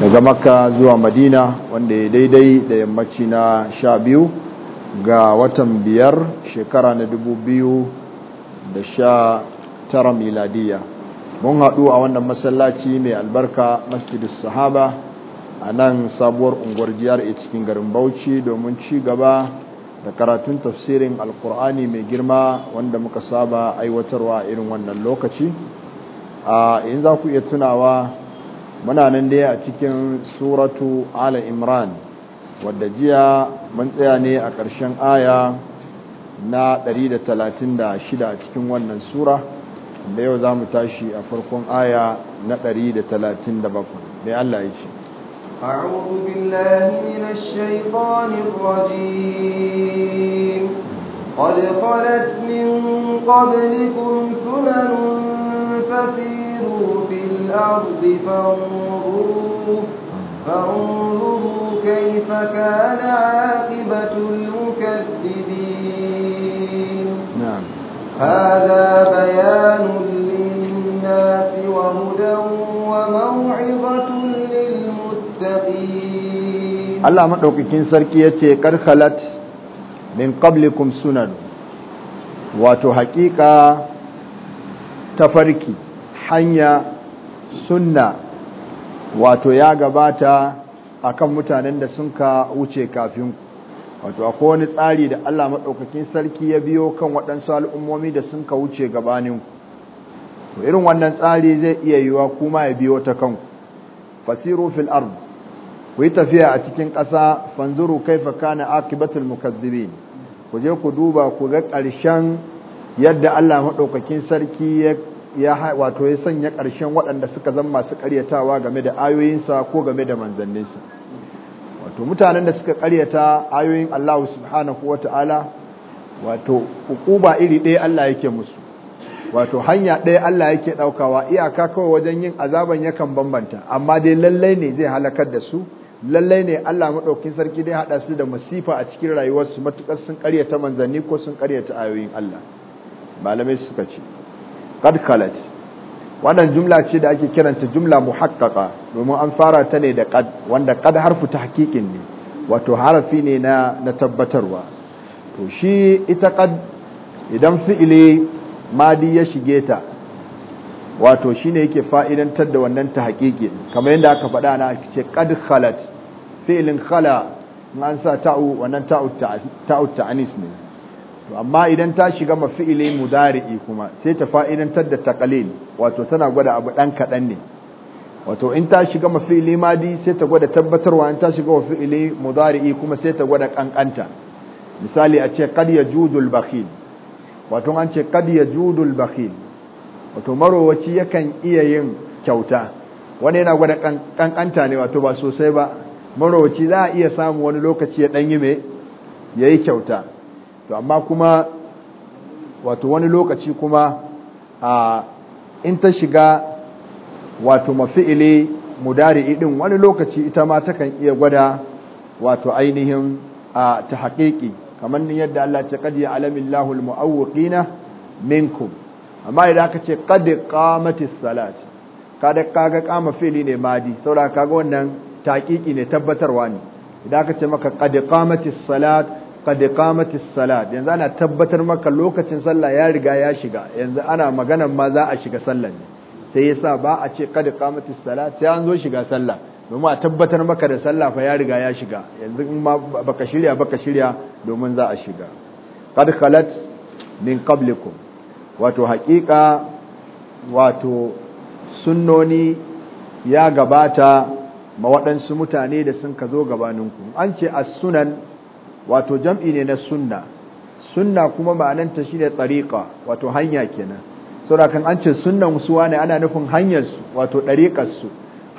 daga makka zuwa madina wanda ya daidai da yammaci na sha biyu ga watan biyar shekara na dubu biyu da sha tara miladiya mun haɗu a wannan masallaci mai albarka masjidus sahaba a nan sabuwar unguwar jihar a cikin garin bauchi domin ci gaba da karatun tafsirin alkur'ani mai girma wanda muka saba aiwatarwa irin wannan lokaci a in za ku iya tunawa muna nan dai a cikin suratu ala imran wadda jiya mun tsaya ne a ƙarshen aya na 136 a cikin wannan sura da yau za mu tashi a farkon aya na 137 mai Allah ya ce أعوذ بالله من الشيطان الرجيم قد خلت من قبلكم سنن فسيروا الأرض فانظروا فانظروا كيف كان عاقبة المكذبين نعم هذا بيان للناس وهدى وموعظة للمتقين الله مدوكين سركي قد خلت من قبلكم سنن wato hakika tafarki hanya sunna wato ya gabata akan mutanen da sun ka wuce kafin wato akwai wani tsari da Allah maɗaukakin sarki ya biyo kan waɗansu al'ummomi da sun ka wuce gabanin ku irin wannan tsari zai iya yiwa kuma ya biyo ta kanku fasiru fil ard ku yi tafiya a cikin ƙasa fanzuru kaifa kana akibatul mukazzibin ku je ku duba ku ga ƙarshen yadda Allah maɗaukakin sarki ya ya wato ya sanya ƙarshen waɗanda suka zama masu ƙaryatawa game da ayoyinsa ko game da manzanninsa wato mutanen da suka ƙaryata ayoyin Allah subhanahu ta'ala wato hukuma iri ɗaya Allah yake musu wato hanya ɗaya Allah yake ɗaukawa iyaka kawai wajen yin azaban yakan bambanta amma dai lallai ne zai halakar da su lallai ne Allah maɗaukin sarki dai haɗa su da masifa a cikin rayuwarsu matuƙar sun ƙaryata manzanni ko sun ƙaryata ayoyin Allah malamai suka ce qad khalat wannan jumla ce da ake kiranta jumla muhaqqaqa domin an fara ta ne da qad wanda qad harfu tahqiqin ne wato harafi ne na na tabbatarwa to shi ita qad idan fi'ili madi ya shige ta wato shine yake fa'idantar da wannan tahqiqin kamar yadda aka faɗa na ce qad khalat fi'ilin khala in an sa ta'u wannan ta'u ta'u ta'anis ne to amma idan ta shiga mafi'ili mudari'i kuma sai ta fa'idantar da taqlil wato tana gwada abu dan kadan ne wato in ta shiga mafi'ili madi sai ta gwada tabbatarwa in ta shiga mafi'ili mudari'i kuma sai ta gwada kankanta misali a ce qad yajudul bakhil wato an ce qad yajudul bakhil wato marowaci yakan iya yin kyauta wani yana gwada kankanta ne wato ba sosai ba marowaci za a iya samu wani lokaci ya danyi yi me yayi kyauta to amma kuma wato wani lokaci kuma a in ta shiga wato mafi'ili mudari idin wani lokaci ita ma takan iya gwada wato ainihin a ta haƙiƙi kamar ni yadda Allah ce qad Alamin lahul muawwiqina minkum amma idan aka ce qad qamatis salat kada kaga kama fili ne madi saboda kaga wannan taqiqi ne tabbatarwa ne idan aka ce maka qad qamatis salat qad qamatis salat yanzu ana tabbatar maka lokacin sallah ya riga ya shiga yanzu ana maganar ma za a shiga sallah ne sai yasa ba a ce qad qamatis salat sai an zo shiga sallah domin a tabbatar maka da sallah fa ya riga ya shiga yanzu in ma baka shirya baka shirya domin za a shiga qad khalat min qablikum wato haƙiƙa wato sunnoni ya gabata ma waɗansu mutane da sun ka zo gabaninku an ce as-sunan wato jam'i ne na sunna sunna kuma ma'ananta shi ne tsariƙa wato hanya kenan saboda kan an ce sunnan su wane ana nufin hanyar su wato ɗariƙarsu su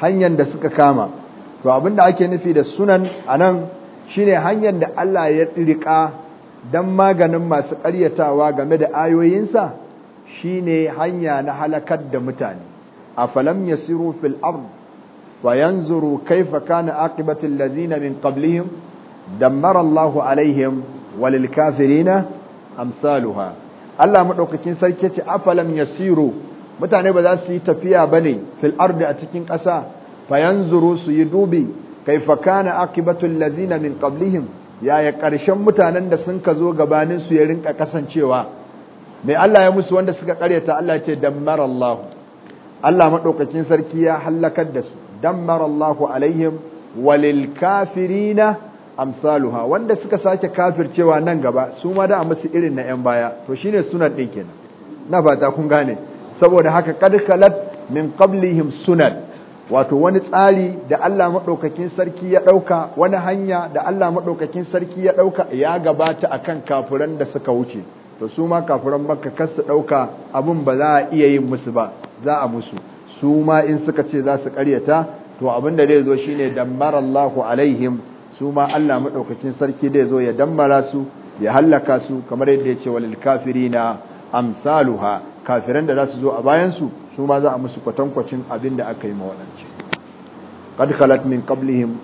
hanyar da suka kama to abinda ake nufi da sunan a nan, shi ne hanyar da Allah ya tsirika don maganin masu ƙaryatawa game da ayoyinsa Shi ne hanya na halakar da mutane afalam ya siro fil'ar wa yanzuru kaifa kana akibatin lazina min qablihim dammara alaihim walil kafirina amsaluha Allah madaukakin sarki yace afalam yasiru mutane ba za su yi tafiya bane fil ardi a cikin ƙasa fayanzuru su yi dubi kaifa kana aqibatul ladina min qablihim yaya ƙarshen mutanen da sun ka zo gabanin su ya rinka kasancewa mai Allah ya musu wanda suka karyata Allah ce dammara Allah Allah madaukakin sarki ya halakar da su dammara alaihim walil kafirina amsaluha wanda suka sake kafircewa nan gaba su ma da a musu irin na yan baya to shine sunan din kenan na fata kun gane saboda haka kad khalat min qablihim sunan wato wani tsari da Allah madaukakin sarki ya dauka wani hanya da Allah madaukakin sarki ya dauka ya gabata akan kafiran da suka wuce to su ma kafiran makka kar su dauka abun ba za a iya yin musu ba za a musu su ma in suka ce za su karyata to abin da zai zo shine Allahu alaihim su ma Allah maɗaukacin sarki zai zo ya dammara su ya hallaka su kamar yadda yace walil kafirina amsaluha kafiran da za su zo a bayansu su ma za a musu kwatankwacin abin da aka yi ma wadanci khalat min qablihim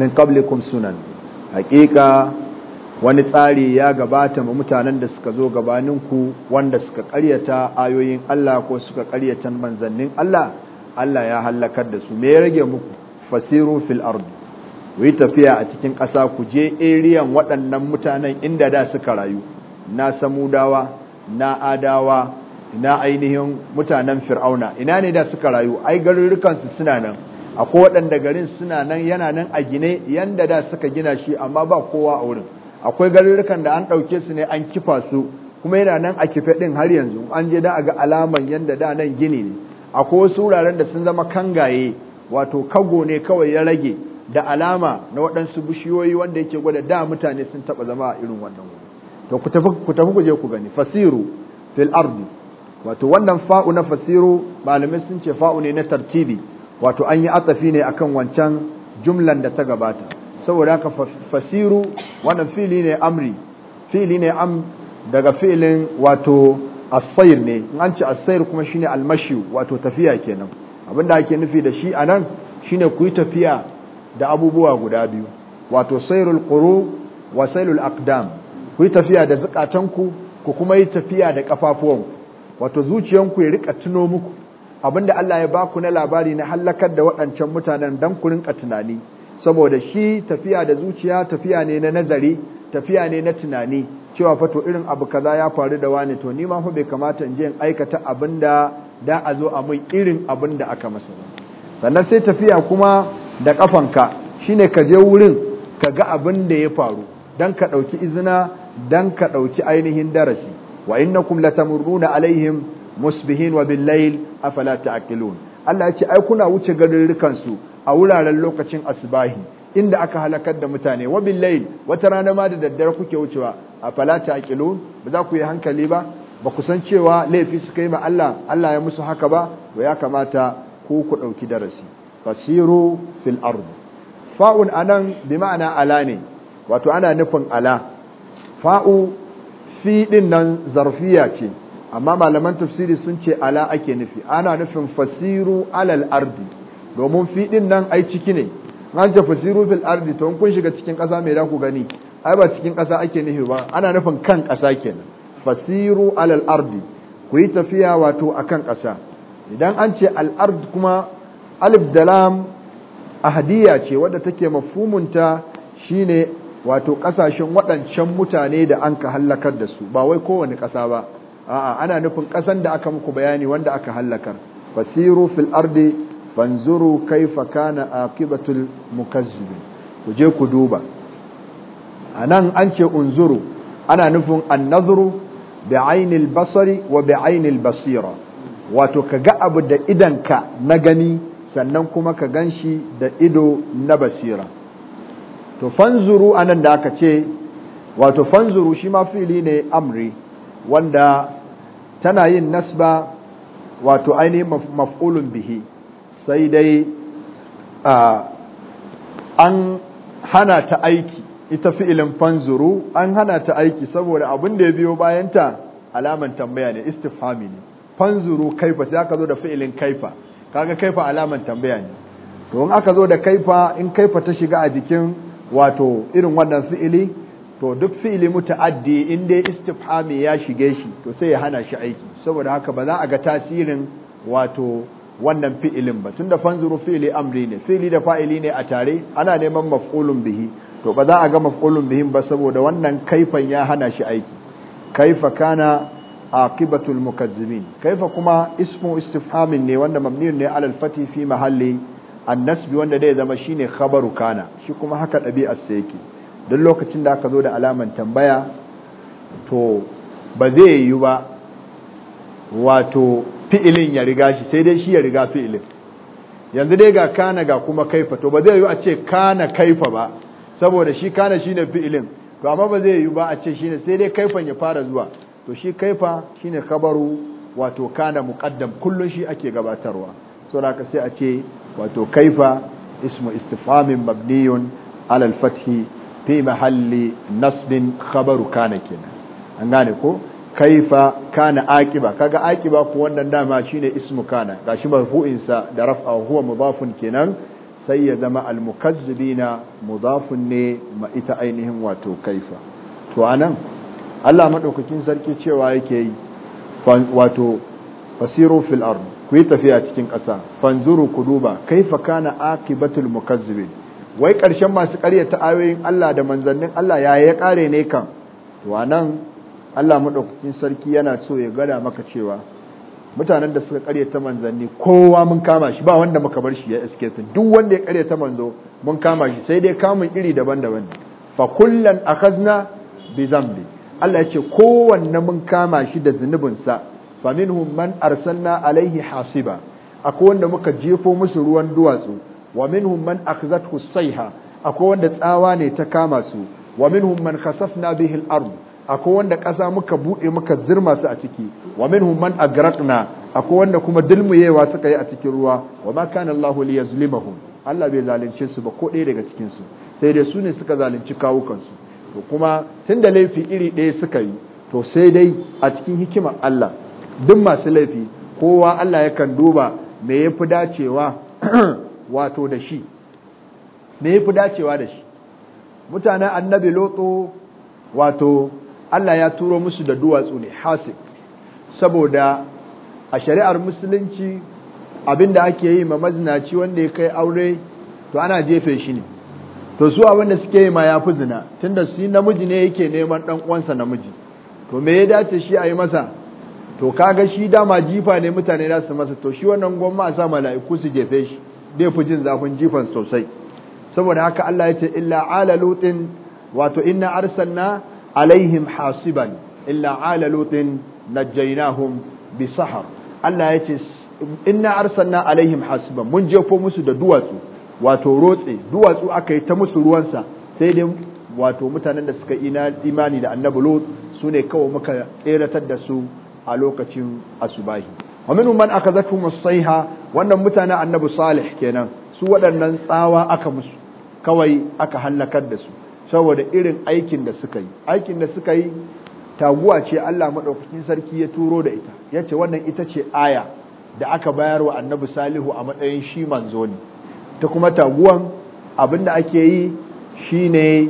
min qablikum sunan haqiqa wani tsari ya gabata ma mutanen da suka zo ku wanda suka ƙaryata ayoyin Allah ko suka ƙaryata manzannin Allah Allah ya hallakar da su me ya rage muku fasiru fil ardi ku yi tafiya a cikin ƙasa ku je eriyan waɗannan mutanen inda da suka rayu na samudawa na adawa na ainihin mutanen fir'auna ina ne da suka rayu ai garurukansu suna nan akwai waɗanda garin suna nan yana nan a gine yanda da suka gina shi amma ba kowa a wurin akwai garurukan da an ɗauke su ne an kifa su kuma yana nan a kife ɗin har yanzu an je da a ga alaman yanda da nan gini ne akwai wasu wuraren da sun zama kangaye wato kago ne kawai ya rage da alama na waɗansu bishiyoyi wanda yake gwada da mutane sun taɓa zama a irin wannan wuri to ku tafi ku je ku gani fasiru fil ardi wato wannan fa'u na fasiru malamai sun ce fa'u ne na tartibi wato an yi atsafi ne akan wancan jumlan da ta gabata saboda haka fasiru wannan fili ne amri fili ne am daga filin wato asair ne in an ce asair kuma shine almashi wato tafiya kenan abinda ake nufi da shi anan shine ku yi tafiya da abubuwa guda biyu wato sairul quru wa sairul aqdam ku yi tafiya da zukatanku ku kuma yi tafiya da kafafuwanku wato zuciyanku ya rika tuno muku abinda Allah ya baku na labari na halakar da waɗancan mutanen dan ku rinka tunani saboda shi tafiya da zuciya tafiya ne na nazari tafiya ne na tunani cewa fa to irin abu kaza ya faru da wani to ni ma fa bai kamata in je in aikata abinda da a zo a mun irin abinda aka masa sannan sai tafiya kuma da kafanka shine ka je wurin ka ga abin da ya faru dan ka dauki izina dan ka dauki ainihin darasi wa innakum latamurruna alaihim musbihin wa bil layl afala ta'qilun Allah ya ce ai kuna wuce garurukan su a wuraren lokacin asbahi inda aka halakar da mutane wa bil layl wata rana ma da daddare kuke wucewa afala ta'qilun ba za ku yi hankali ba ba ku san cewa laifi suka yi ma Allah Allah ya musu haka ba wa ya kamata ku ku dauki darasi fasiru fil ard fa'un anan bi ma'ana ala ne wato ana nufin ala fa'u fi din nan zarfiya ce amma malaman tafsiri sun ce ala ake nufi ana nufin fasiru alal ardi domin fi din nan ai ciki ne an ce fasiru fil ardi to kun shiga cikin ƙasa mai da ku gani ai ba cikin ƙasa ake nufi ba ana nufin kan kasa kenan fasiru alal ardi ku yi tafiya wato akan ƙasa idan an ce al ard kuma alif da lam ahadiya ce wadda take shi shine wato kasashen waɗancan mutane da an ka hallakar da su ba wai kowane ƙasa ba a'a ana nufin ƙasan da aka muku bayani wanda aka hallakar fasiru fil ardi fanzuru kaifa kana aqibatul mukazzibin ku je ku duba anan an ce unzuru ana nufin annazuru bi ainil basari wa bi ainil basira wato ka ga abu da idanka na gani sannan kuma ka gan shi da ido na basira to fanzuru anan da aka ce wato fanzuru shi ma fili ne amri wanda tana yin nasba wato ainihin maf'ulun bihi sai dai an hana ta aiki ita fi'ilin fanzuru an hana ta aiki saboda abin da ya biyo bayanta alaman tambaya ne istifhami ne fanzuru kaifa sai aka zo da fi'ilin kaifa kaga kaifa alaman tambaya ne to in aka zo da kaifa in kaifa ta shiga a jikin wato irin wannan fi'ili to duk fi'ili muta'addi in dai istifhami ya shige shi to sai ya hana shi aiki saboda haka ba za a ga tasirin wato wannan fi'ilin ba tunda fanzuru fi'ili amri ne fi'ili da fa'ili ne a tare ana neman maf'ulun bihi to ba za a ga maf'ulun bihi ba saboda wannan kaifan ya hana shi aiki kaifa kana aqibatul mukazzimin kaifa kuma ismu istifhamin ne wanda mabniyun ne alal fati fi mahalli annasbi wanda dai zama shine khabaru kana shi kuma haka dabi'ar sa yake duk lokacin da aka zo da alaman tambaya to ba zai yi ba wato fi'ilin ya riga shi sai dai shi ya riga fi'ilin yanzu dai ga kana ga kuma kaifa to ba zai yi a ce kana kaifa ba saboda shi kana shine fi'ilin to amma ba zai yi ba a ce shine sai dai kaifan ya fara zuwa to shi kaifa shine khabaru wato kana muqaddam kullun shi ake gabatarwa da ka sai a ce wato kaifa ismu istifhamin mabniyun ala al-fathi fi mahalli nasbin khabaru kana kenan an gane ko kaifa kana akiba kaga akiba ko wannan dama shine ismu kana gashi marfu'in sa da raf'a huwa mudafun kenan sai ya zama al-mukazzibina mudafun ne ma ita ainihin wato kaifa to anan Allah madaukakin sarki cewa yake yi wato fasiru fil ard ku yi tafiya cikin ƙasa fanzuru ku duba kaifa kana akibatul mukazzibin wai ƙarshen masu ƙaryata ayoyin Allah da manzannin Allah ya ya ƙare ne kan to anan Allah madaukakin sarki yana so ya gada maka cewa mutanen da suka ƙaryata manzanni kowa mun kama shi ba wanda muka bar shi ya iske su duk wanda ya ƙaryata manzo mun kama shi sai dai kamun iri daban-daban fa kullan akhadna bi zambi Allah ya ce kowanne mun kama shi da zunubinsa fa minhum man arsalna alaihi hasiba akwai wanda muka jefo musu ruwan duwatsu wa minhum man akhzathu sayha akwai wanda tsawa ne ta kama su wa minhum man khasafna bihi al-ard akwai wanda ƙasa muka buɗe muka zirma su a ciki wa minhum man agraqna akwai wanda kuma dilmuyewa suka yi a cikin ruwa wa ma kana Allahu liyazlimahum Allah bai zalunce su ba ko ɗaya daga cikin su sai dai su ne suka zalunci kawukansu to kuma tun da laifi iri ɗaya suka yi to sai dai a cikin hikimar Allah duk masu laifi kowa Allah yakan duba me ya fi dacewa wato da shi me ya fi dacewa da shi mutanen annabi lotso wato Allah ya turo musu da duwatsu ne hasik saboda a shari'ar musulunci abinda ake yi ma mazinaci wanda ya kai aure to ana jefe shi ne to su abin da suke yi ma ya fi zina tunda su namiji ne yake neman dan uwansa namiji to me ya dace shi a yi masa to kaga shi dama jifa ne mutane za su masa to shi wannan gwamma a sa mala'iku su jefe shi zai fi jin zafin jifan sosai saboda haka Allah ya ce illa ala lutin wato inna arsalna alaihim hasiban illa ala lutin najaynahum bi sahar Allah ya ce inna arsalna alaihim hasiban mun jefo musu da duwatsu wato rotse duwatsu aka yi ta musu ruwansa sai dai wato mutanen da suka imani da annabi lut su ne kawai muka tseratar da su a lokacin asubahi wa minhum man akhadathum musaiha wannan mutanen annabi salih kenan su waɗannan tsawa aka musu kawai aka hallakar da su saboda irin aikin da suka yi aikin da suka yi taguwa ce Allah madaukakin sarki ya turo da ita yace wannan ita ce aya da aka bayar wa annabi salihu a matsayin shi manzo ne ta kuma taguwan abinda ake yi shine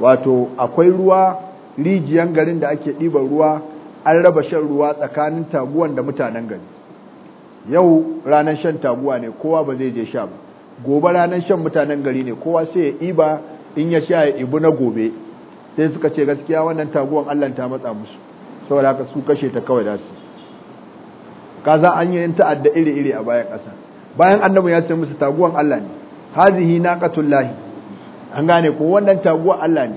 wato akwai ruwa rijiyan garin da ake ɗiban ruwa an raba shan ruwa tsakanin taguwan da mutanen gari yau ranar shan taguwa ne kowa ba zai je sha ba gobe ranar shan mutanen gari ne kowa sai ya ɗiba in ya sha ya ibu na gobe sai suka ce gaskiya wannan taguwan Allah ta matsa musu saboda haka su kashe ta kawai dasu su kaza an yi ta'adda iri-iri a bayan ƙasa bayan annabi ya ce musu taguwan Allah ne hazihi naqatul lahi an gane ko wannan taguwan Allah ne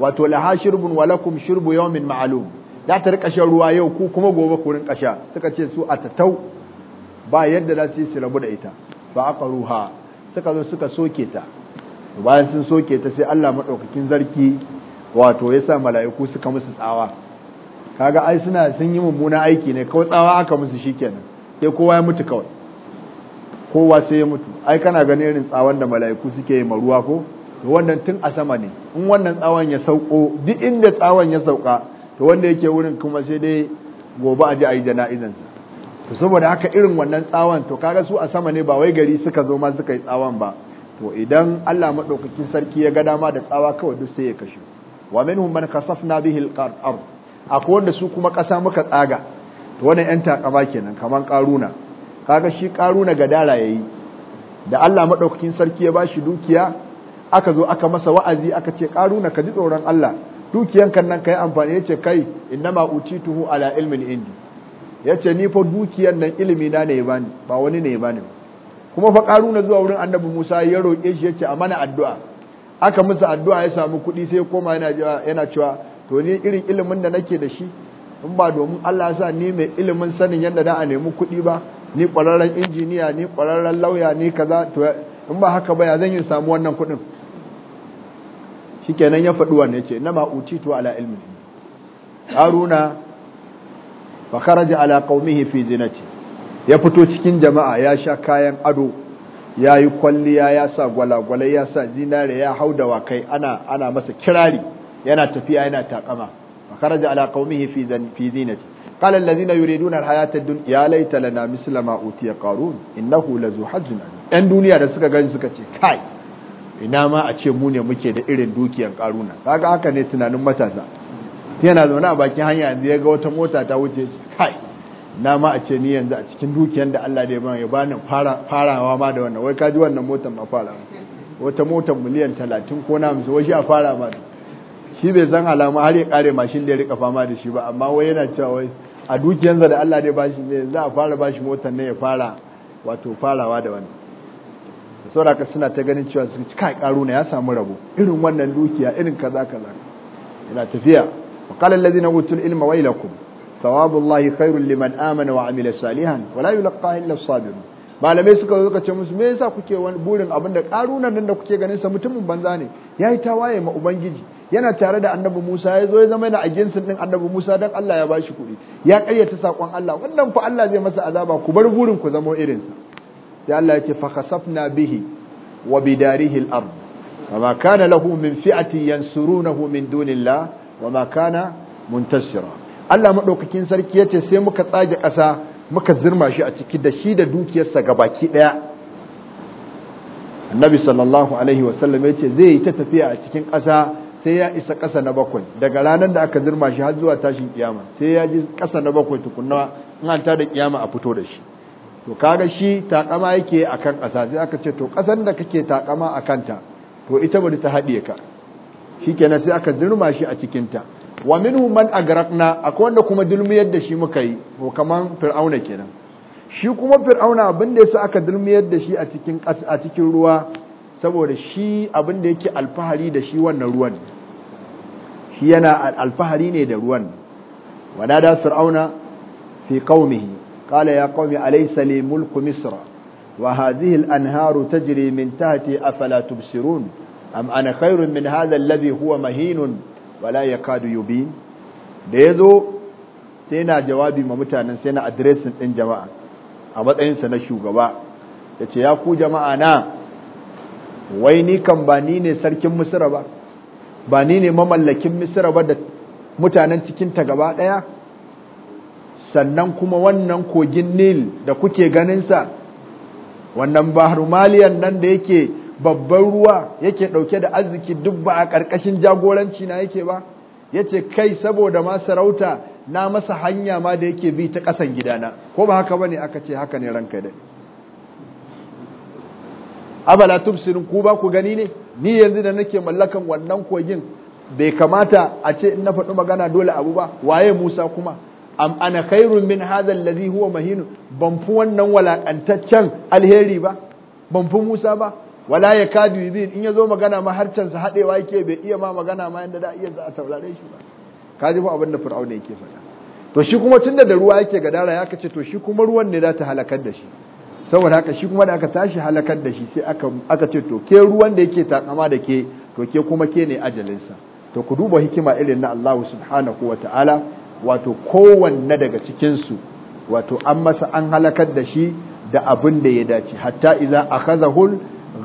wato laha shirbun walakum shirbu yawmin ma'lum da ta rika shan ruwa yau ku kuma gobe ku rin kasha suka ce su atatau ba yadda za su yi su rabu da ita fa aqruha suka zo suka soke ta bayan sun soke ta sai Allah madaukakin zarki wato yasa sa mala'iku suka musu tsawa kaga ai suna sun yi mummuna aiki ne kawai tsawa aka musu shikenan sai kowa ya mutu kawai kowa sai ya mutu ai kana ganin irin tsawon da mala'iku suke yi ruwa ko to wannan tun a sama ne in wannan tsawon ya sauko duk inda tsawon ya sauka to wanda yake wurin kuma sai dai gobe a ji a yi jana'izan to saboda haka irin wannan tsawon to kaga su a sama ne ba wai gari suka zo ma suka yi tsawon ba to idan Allah madaukakin sarki ya ga dama da tsawa kawai duk sai ya kashe wa minhum man kasafna bihi al-ard akwai wanda su kuma kasa muka tsaga to wannan yan takaba kenan kaman karuna kaga shi na gadara yayi da Allah madaukakin sarki ya ba shi dukiya aka zo aka masa wa'azi aka ce karuna ka ji tsoron Allah dukiyan kan nan kai amfani yace kai innama utituhu ala ilmin indi yace ni fa dukiyan nan ilimi na ne bani ba wani ne bani kuma fa na zuwa wurin annabi Musa ya roƙe shi yace a mana addu'a aka musu addu'a ya samu kuɗi sai koma yana yana cewa to ni irin ilimin da nake da shi in ba domin Allah ya sa ni mai ilimin sanin yadda da a nemi kuɗi ba ni ƙwararren injiniya ni ƙwararren lauya ni kaza to in ba haka ba ya zan yi samu wannan kuɗin shikenan ya faɗi wannan yace na ma utitu ala ilmi haruna fa kharaja ala qaumihi fi zinati ya fito cikin jama'a ya sha kayan ado ya yi kwalliya ya sa gwalagwalai ya sa zinare ya hau wakai ana ana masa kirari yana tafiya yana takama fa kharaja ala qaumihi fi zinati قال الذين يريدون الحياة الدنيا يا ليت لنا مثل ما أوتي قارون إنه لذو حج عظيم أن دنيا da suka gani suka ce kai ina ma a ce mu ne muke da irin dukiyar karuna kaga haka ne tunanin matasa yana zaune a bakin hanya yanzu ya ga wata mota ta wuce kai na ma a ce ni yanzu a cikin dukiyar da Allah da ya bani ya bani farawa ma da wannan wai ka ji wannan motar ma fara wata motar miliyan 30 ko na musu wai a fara ma shi bai san alama har ya kare mashin da ya rika fama da shi ba amma wai yana cewa wai a dukiyansa da Allah dai bashi ne za a fara bashi motar ne ya fara wato farawa da wani sauraka suna ta ganin cewa su kai karuna ya samu rabo irin wannan dukiya irin kaza kaza ina tafiya wa qala allazina utul ilma waylakum lahi khairun liman amana wa amila salihan wa la yulqa illa sabirun malamai suka zo suka ce musu me yasa kuke wani burin abin da karunan nan da kuke ganin sa mutumin banza ne yayi tawaye ma ubangiji yana tare da annabi Musa ya zo ya zama yana agensin din annabi Musa dan Allah ya bashi kuɗi ya ƙayyata sakon Allah wannan fa Allah zai masa azaba ku bar burin ku zama irin sa sai Allah ya ce fa khasafna bihi wa bidarihi al-ard kama kana lahu min fi'atin yansurunahu min dunillah wa ma kana muntasira Allah madaukakin sarki yace sai muka tsage ƙasa muka zirma shi a ciki da shi da dukiyarsa gabaki ɗaya. annabi sallallahu alaihi wasallam ya ce zai yi ta tafiya a cikin ƙasa sai ya isa ƙasa na bakwai daga ranar da aka zirma shi har zuwa tashin kiyama sai ya ji ƙasa na bakwai tukunna in an tada kiyama a fito da shi to kaga shi takama yake akan ƙasa sai aka ce to ƙasan da kake takama a kanta to ita bari ta haɗe ka shikenan sai aka zirma shi a cikin ta wa minhu man agraqna akwai wanda kuma dulmiyar da shi muka yi ko kaman fir'auna kenan shi kuma fir'auna abin da yasa aka dulmiyar da shi a cikin a cikin ruwa saboda shi abin da yake alfahari da shi wannan ruwan shi yana alfahari ne da ruwan da fir'auna fi qaumihi qala ya qaumi alaysa li mulku misr wa hadhihi al-anharu tajri min tahti afala tubsirun am ana khairun min hadha alladhi huwa mahinun wa la yakadu yubin da yazo sai na jawabi ma mutanen sai na addressin din jama'a a matsayinsa na shugaba yace ya ku jama'a na wai ni kan ba ni ne sarkin misira ba ba ni ne mamallakin misira ba da mutanen cikin ta gaba daya sannan kuma wannan kogin nil da kuke ganinsa wannan bahar maliyan nan da yake babban ruwa yake dauke da arziki duk ba a karkashin jagoranci na yake ba ya ce kai saboda ma sarauta na masa hanya ma da yake bi ta ƙasan gidana ko ba haka ba aka ce haka ne ranka dai abala tubsirin ku ba ku gani ne ni yanzu da nake mallakan wannan kogin bai kamata a ce in na faɗi magana dole abu ba waye Musa kuma am ana khairun min hadha alladhi huwa mahin ban fi wannan walakantaccen alheri ba ban fi Musa ba wala ya kadu yubin in yazo magana ma can sa hadewa yake bai iya ma magana ma yanda da iya za a taurare shi ba kaji fa abin da Fir'auna yake faɗa to shi kuma tunda da ruwa yake gadara ya kace to shi kuma ruwan ne za ta halakar da shi saboda haka shi kuma da aka tashi halakar da shi sai aka ce to ke ruwan da yake takama da ke to ke kuma ke ne ajalinsa to ku duba hikima irin na Allah subhanahu wa ta'ala wato kowanne daga cikinsu wato an masa an halakar da shi da abin da ya dace hatta kaza hul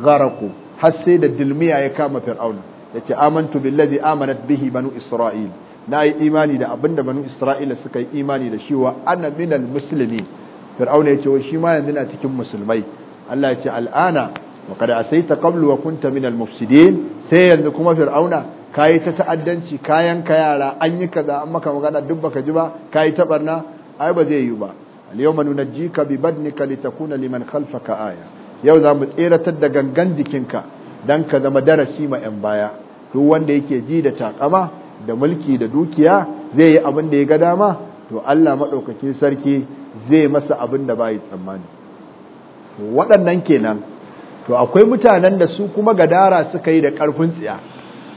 gharaqu har sai da dilmiya ya kama fir'auna yace amantu billazi amanat bihi banu isra'il na yi imani da abin da banu isra'ila suka yi imani da shi wa ana minal muslimin fir'auna ya ce wai shi ma yanzu na cikin musulmai Allah ya ce al'ana wa kada asaita qablu wa kunta min al-mufsidin sai yanzu kuma fir'auna kayi ta ta'addanci kayan ka yara an yi kaza an maka magana duk baka ji ba kayi ta barna ai ba zai yi ba al-yawma nunajjika bi badnika litakuna liman khalfaka aya yau za mu tseratar da gangan jikinka dan ka zama darasi ma yan baya duk wanda yake ji da takama da mulki da dukiya zai yi abin da ya ga dama to Allah madaukakin sarki zai masa abin da bai tsammani waɗannan kenan to akwai mutanen da su kuma gadara suka yi da ƙarfin tsiya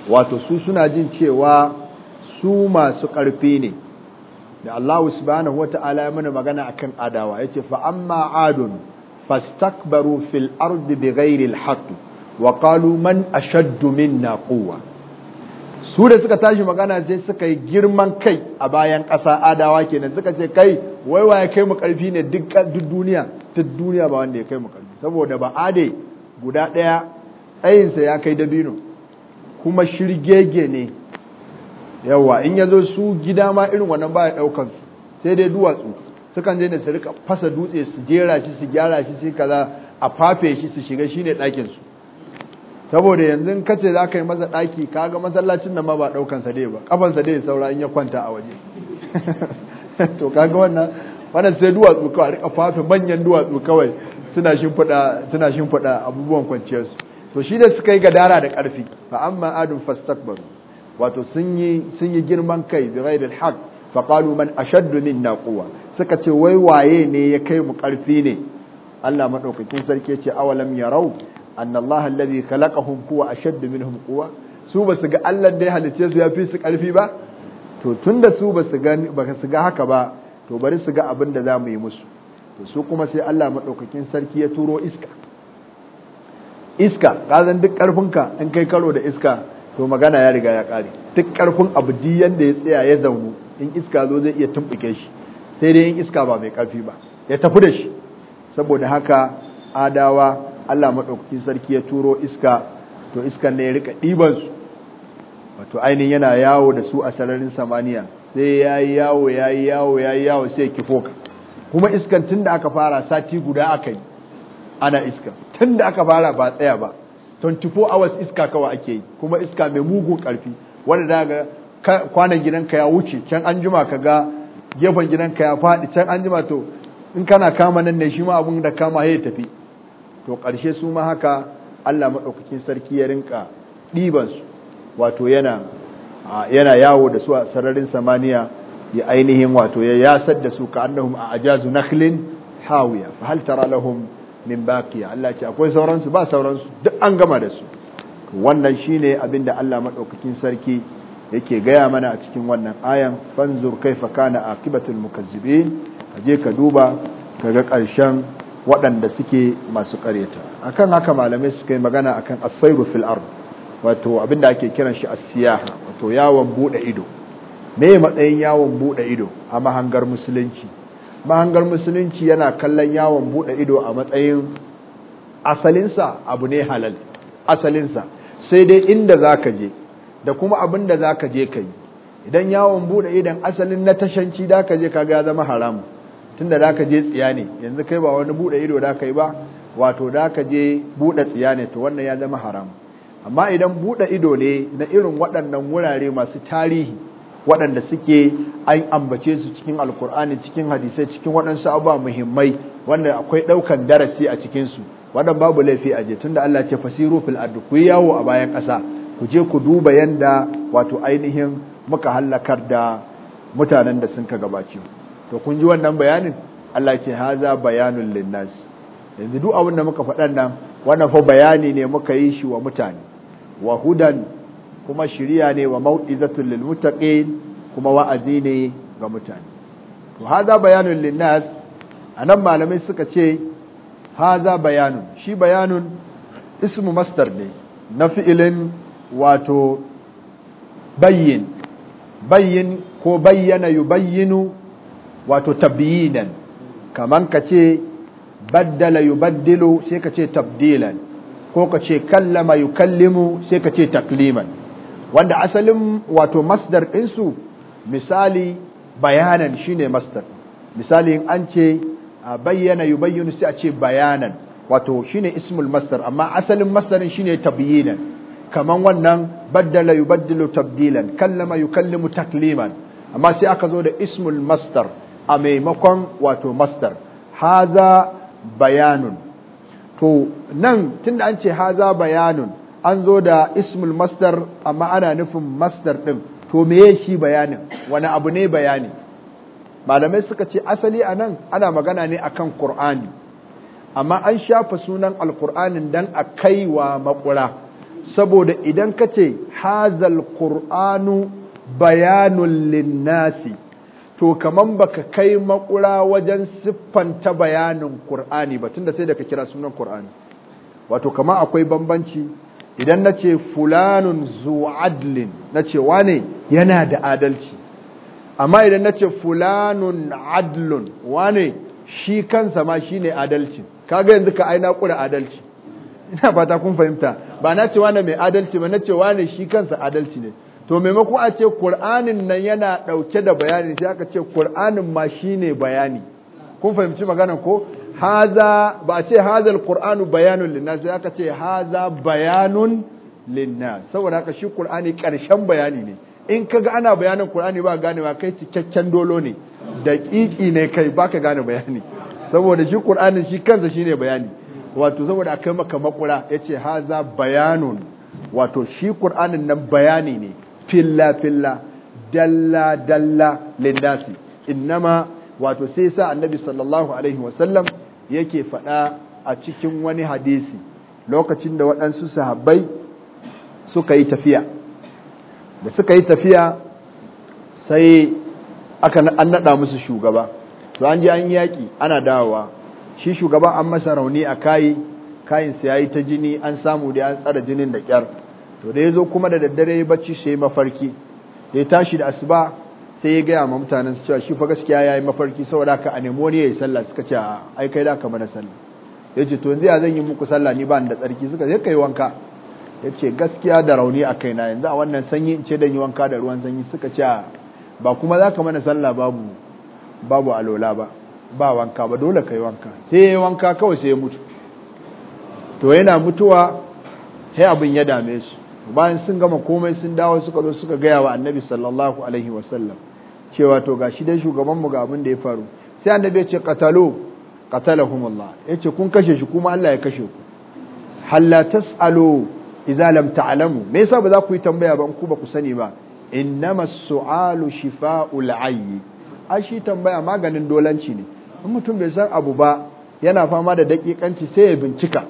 wato su suna jin cewa su masu ƙarfi ne da Allah subhanahu wata'ala ya mana magana akan adawa yace fa amma adun fastakbaru fil ardi bighairi alhaq wa qalu man ashaddu minna quwwa su da suka tashi magana sai suka yi girman kai a bayan ƙasa adawa kenan suka ce kai wai waye kai mu ƙarfi ne duk duniya ta duniya ba wanda ya kai mu ƙarfi saboda ba ade guda ɗaya tsayinsa ya kai dabino kuma shirgege ne yawa in ya zo su gida ma irin wannan ba ya ɗaukan su sai dai duwatsu sukan je da su rika fasa dutse su jera shi su gyara shi sai kaza a fafe shi su shiga shine ɗakin su saboda yanzu ka ce za ka yi masa ɗaki kaga masallacin nan ma ba sa dai ba ƙafansa dai saura in ya kwanta a waje to kaga wannan wannan sai duwatsu kawai rika fafe manyan duwatsu kawai suna shimfiɗa suna abubuwan kwanciyarsu to shi da suka yi gadara da ƙarfi fa amma adun fastakbaru wato sun yi sun yi girman kai bi ghairil haqq fa qalu man ashaddu minna quwwa suka ce wai waye ne ya kai mu ƙarfi ne Allah madaukakin sarki ya ce awalam yarau anna Allah alladhi khalaqahum huwa ashadd minhum quwwa su ba su ga Allah da ya halicce su ya fi su karfi ba to tunda su ba su ga ba su ga haka ba to bari su ga abin da zamu yi musu to su kuma sai Allah madaukakin sarki ya turo iska iska kazan duk karfinka in kai karo da iska to magana ya riga ya kare duk karfin abu di ya tsaya ya zaunu in iska zo zai iya tumbuke shi sai dai in iska ba mai karfi ba ya tafi da shi saboda haka adawa Allah maɗaukakin sarki ya turo iska to iskan ne ya rika ɗibansu. su wato ainihin yana yawo da su a sararin samaniya sai ya yi yawo ya yi yawo ya yi yawo sai kifo kuma iskan tun da aka fara sati guda aka yi ana iska tun da aka fara ba tsaya ba 24 hours iska kawa ake yi kuma iska mai mugun ƙarfi. wanda daga kwanan gidanka ya wuce can an jima ka ga gefen gidanka ya faɗi can an jima to in kana kama nan ne shi ma abun da kama ya tafi to ƙarshe su ma haka Allah maɗaukakin sarki ya rinka ɗibansu wato yana yawo da su a sararin samaniya ya ainihin wato ya yasar da su ka annahum a ajazu nakhlin hawiya fa hal tara lahum min baqiya Allah ce akwai sauransu ba sauransu duk an gama da su wannan shine da Allah maɗaukakin sarki yake gaya mana a cikin wannan ayan fanzur kaifa kana aqibatul mukazzibin aje ka duba kaga ƙarshen waɗanda suke masu ƙareta akan haka malamai suka yi magana akan asairu fil'ar wato abinda ake kiran shi asiyaha wato yawon buɗe ido me matsayin yawon buɗe ido a mahangar musulunci mahangar musulunci yana kallon yawon buɗe ido a matsayin asalinsa abu ne halal asalinsa sai dai inda za ka je da kuma abin da za ka je ka yi idan yawon buɗe idon asalin na tashanci da ka je kaga ya zama haramu tunda da ka je tsiya ne yanzu kai ba wani bude ido da yi ba wato da ka je bude tsiya ne to wannan ya zama haram amma idan bude ido ne na irin waɗannan wurare masu tarihi waɗanda suke an ambace su cikin alkur'ani cikin hadisai cikin waɗansu abubuwa muhimmai wanda akwai ɗaukan darasi a cikinsu su babu laifi a je tunda Allah ce fasiru fil ardu ku yawo a bayan ƙasa ku je ku duba yanda wato ainihin muka hallakar da mutanen da sun ka gabace to kun ji wannan bayanin Allah ce haza bayanul linnas yanzu duk abin da muka faɗan nan wannan fa bayani ne muka yi shi wa mutane wa hudan kuma shiriya ne wa mau'izatul lil muttaqin kuma wa'azi ne ga mutane to haza bayanul linnas anan malamai suka ce haza bayanun shi bayanun ismu masdar ne na fi'ilin wato bayyin bayyin ko bayyana yubayyinu wato tabyinan kaman ka ce baddala yubaddilu sai ka ce tabdilan ko ka ce kallama yukallimu sai ka ce takliman wanda asalin wato masdar ɗinsu misali bayanan shine masdar misali in an ce a bayyana yubayyinu sai a ce bayanan wato shine ismul masdar amma asalin masdarin shine tabyinan kaman wannan baddala yubaddilu tabdilan kallama yukallimu takliman amma sai aka zo da ismul masdar a maimakon wato master haza bayanun to nan tunda an ce haza bayanun an zo da ismul master amma ana nufin master din to meye shi bayanin wani abu ne bayani malamai suka ce asali a nan ana magana ne akan qur'ani amma an shafa sunan alkur'ani dan a kai wa makura saboda idan ka ce hazal qur'anu bayanun linnasi to kaman baka kai makura wajen siffanta bayanin Qur'ani ba tunda sai da ka kira sunan Qur'ani wato kaman akwai bambanci idan nace fulanun zu adlin nace wane yana da adalci amma idan nace fulanun adlun wane shi kansa ma shine adalci kaga yanzu ka aina kura adalci ina fata kun fahimta ba na wane mai adalci ba na wane shi kansa adalci ne to maimako a ce kur'anin nan yana ɗauke da bayani sai aka ce kur'anin ma shine bayani kun fahimci magana ko haza ba a ce haza kur'anu bayanun linna sai aka ce haza bayanun linna saboda haka shi kur'ani ƙarshen bayani ne in kaga ana bayanin kur'ani ba ganewa kai cikakken dolo ne daƙiƙi ne kai ba ka gane bayani saboda shi Qur'anin shi kansa shine bayani wato saboda akai maka makura yace haza bayanun wato shi kur'anin nan bayani ne filla filla dalla dalla lindasi innama wato sai sa annabi sallallahu alaihi wasallam yake faɗa a cikin wani hadisi lokacin da waɗansu sahabbai suka yi tafiya da suka yi tafiya sai aka an naɗa musu shugaba to an ji an yaƙi ana dawowa shi shugaba an masa rauni a kayi kayin sa yayi ta jini an samu da an tsara jinin da kyar to da ya zo kuma da daddare ya bacci sai ya mafarki da ya tashi da asuba sai ya gaya ma mutanen su cewa shi fa gaskiya ya yi mafarki saboda haka a nemo ne ya yi sallah suka ce ai kai da ka mana sallah ya ce to yanzu ya zan yi muku sallah ni ba ni da tsarki suka ce kai wanka ya ce gaskiya da rauni a kaina yanzu a wannan sanyi in ce dan yi wanka da ruwan sanyi suka ce ba kuma za ka mana sallah babu babu alola ba ba wanka ba dole kai wanka sai ya yi wanka kawai sai ya mutu to yana mutuwa sai abin ya dame su bayan sun gama komai sun dawo suka zo suka gaya wa annabi sallallahu alaihi wasallam cewa to gashi dai shugaban mu ga abin da ya faru sai annabi ya ce qatalu qatalahumullah yace kun kashe shi kuma Allah ya kashe ku halla tasalu idza lam ta'lamu me yasa ba za ku yi tambaya ba in ku ba ku sani ba innamas su'alu shifa'ul ayyi a shi tambaya maganin dolanci ne in mutum bai san abu ba yana fama da daƙiƙanci sai ya bincika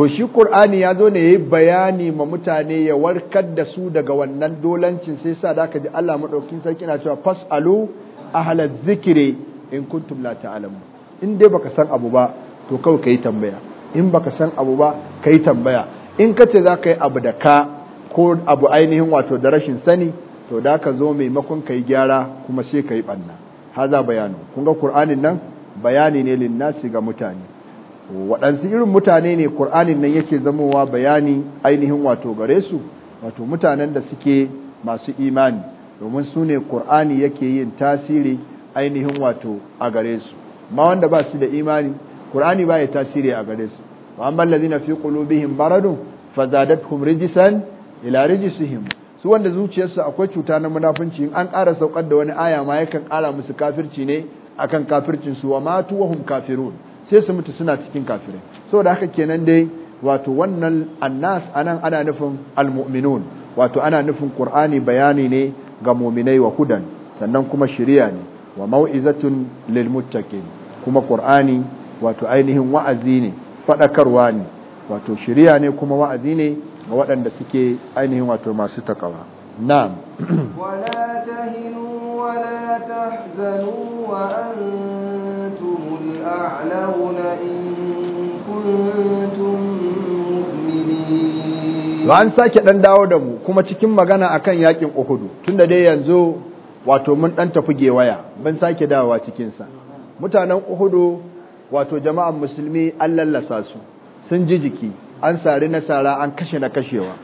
to shi qur'ani ya zo ne yayi bayani ma mutane ya warkar da su daga wannan dolancin sai sa da ji Allah madaukakin sarki na cewa fasalu ahla zikri in kuntum la ta'lamun in dai baka san abu ba to kawai kai tambaya in baka san abu ba kai tambaya in kace za ka yi abu da ka ko abu ainihin wato da rashin sani to da ka zo maimakon kai gyara kuma sai kai banna haza bayanu kun ga qur'anin nan bayani ne linnasi ga mutane waɗansu irin mutane ne ƙur'anin nan yake zamowa bayani ainihin wato gare su wato mutanen da suke masu imani domin su ne ƙur'ani yake yin tasiri ainihin wato a gare su ma wanda ba su da imani ƙur'ani ba ya tasiri a gare su an ballazi na fi qulubihim maradun fazadatuhum rijsan ila rijsihim su wanda zuciyarsu akwai cuta na munafunci in an ƙara saukar da wani aya ma yakan ƙara musu kafirci ne akan kafircin su wa matu wa kafirun sai su mutu suna cikin kafirai saboda haka kenan dai wato wannan annas anan ana nufin almu'minun wato ana nufin qur'ani bayani ne ga mu'minai wa hudan sannan kuma shiriya ne wa mau'izatun lil muttaqin kuma qur'ani wato ainihin wa'azi ne fadakarwa ne wato shiriya ne kuma wa'azi ne ga waɗanda suke ainihin wato masu takawa na'am wala tahinu wala tahzanu wa ba an sake ɗan dawo da mu kuma cikin magana akan yakin Uhudu tunda dai yanzu wato mun ɗan tafi gewaya ban sake dawowa cikinsa mutanen Uhudu wato jama'an musulmi an lallasa su sun ji jiki an sari nasara, an kashe na kashewa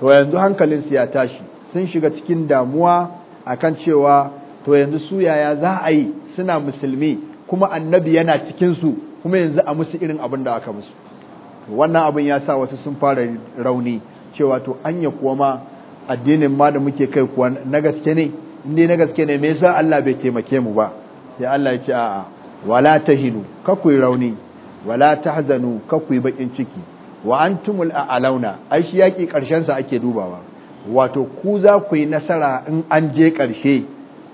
to yanzu hankalin su ya tashi sun shiga cikin damuwa akan cewa to yanzu su yaya za a yi suna musulmi kuma annabi yana cikinsu kuma yanzu a musu irin abin da aka musu wannan abin ya sa wasu sun fara rauni cewa to anya kuwa ma addinin ma da muke kai kuwa na gaske ne indai na gaske ne me yasa Allah bai taimake mu ba ya Allah ya ce a'a wala ta tahinu kaku rauni wala tahzanu kakuyi bakin ciki wa antumul a'launa ai shi yaki karshen sa ake dubawa wato ku za ku yi nasara in an je ƙarshe.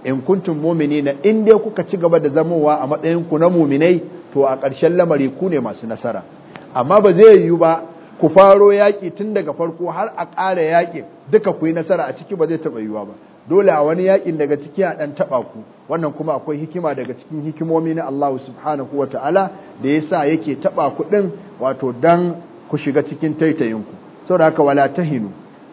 in kuntum na in dai kuka ci gaba da zamowa a matsayin ku na mu'minai to a ƙarshen lamari ku ne masu nasara amma ba zai yiwu ba ku faro yaƙi tun daga farko har a ƙara yaƙi duka ku yi nasara a ciki ba zai taɓa yiwuwa ba dole a wani yaƙin daga ciki a ɗan taɓa ku wannan kuma akwai hikima daga cikin hikimomi na Allah subhanahu wa ta'ala da ya sa yake taɓa ku ɗin wato dan ku shiga cikin taitayinku saboda haka wala tahinu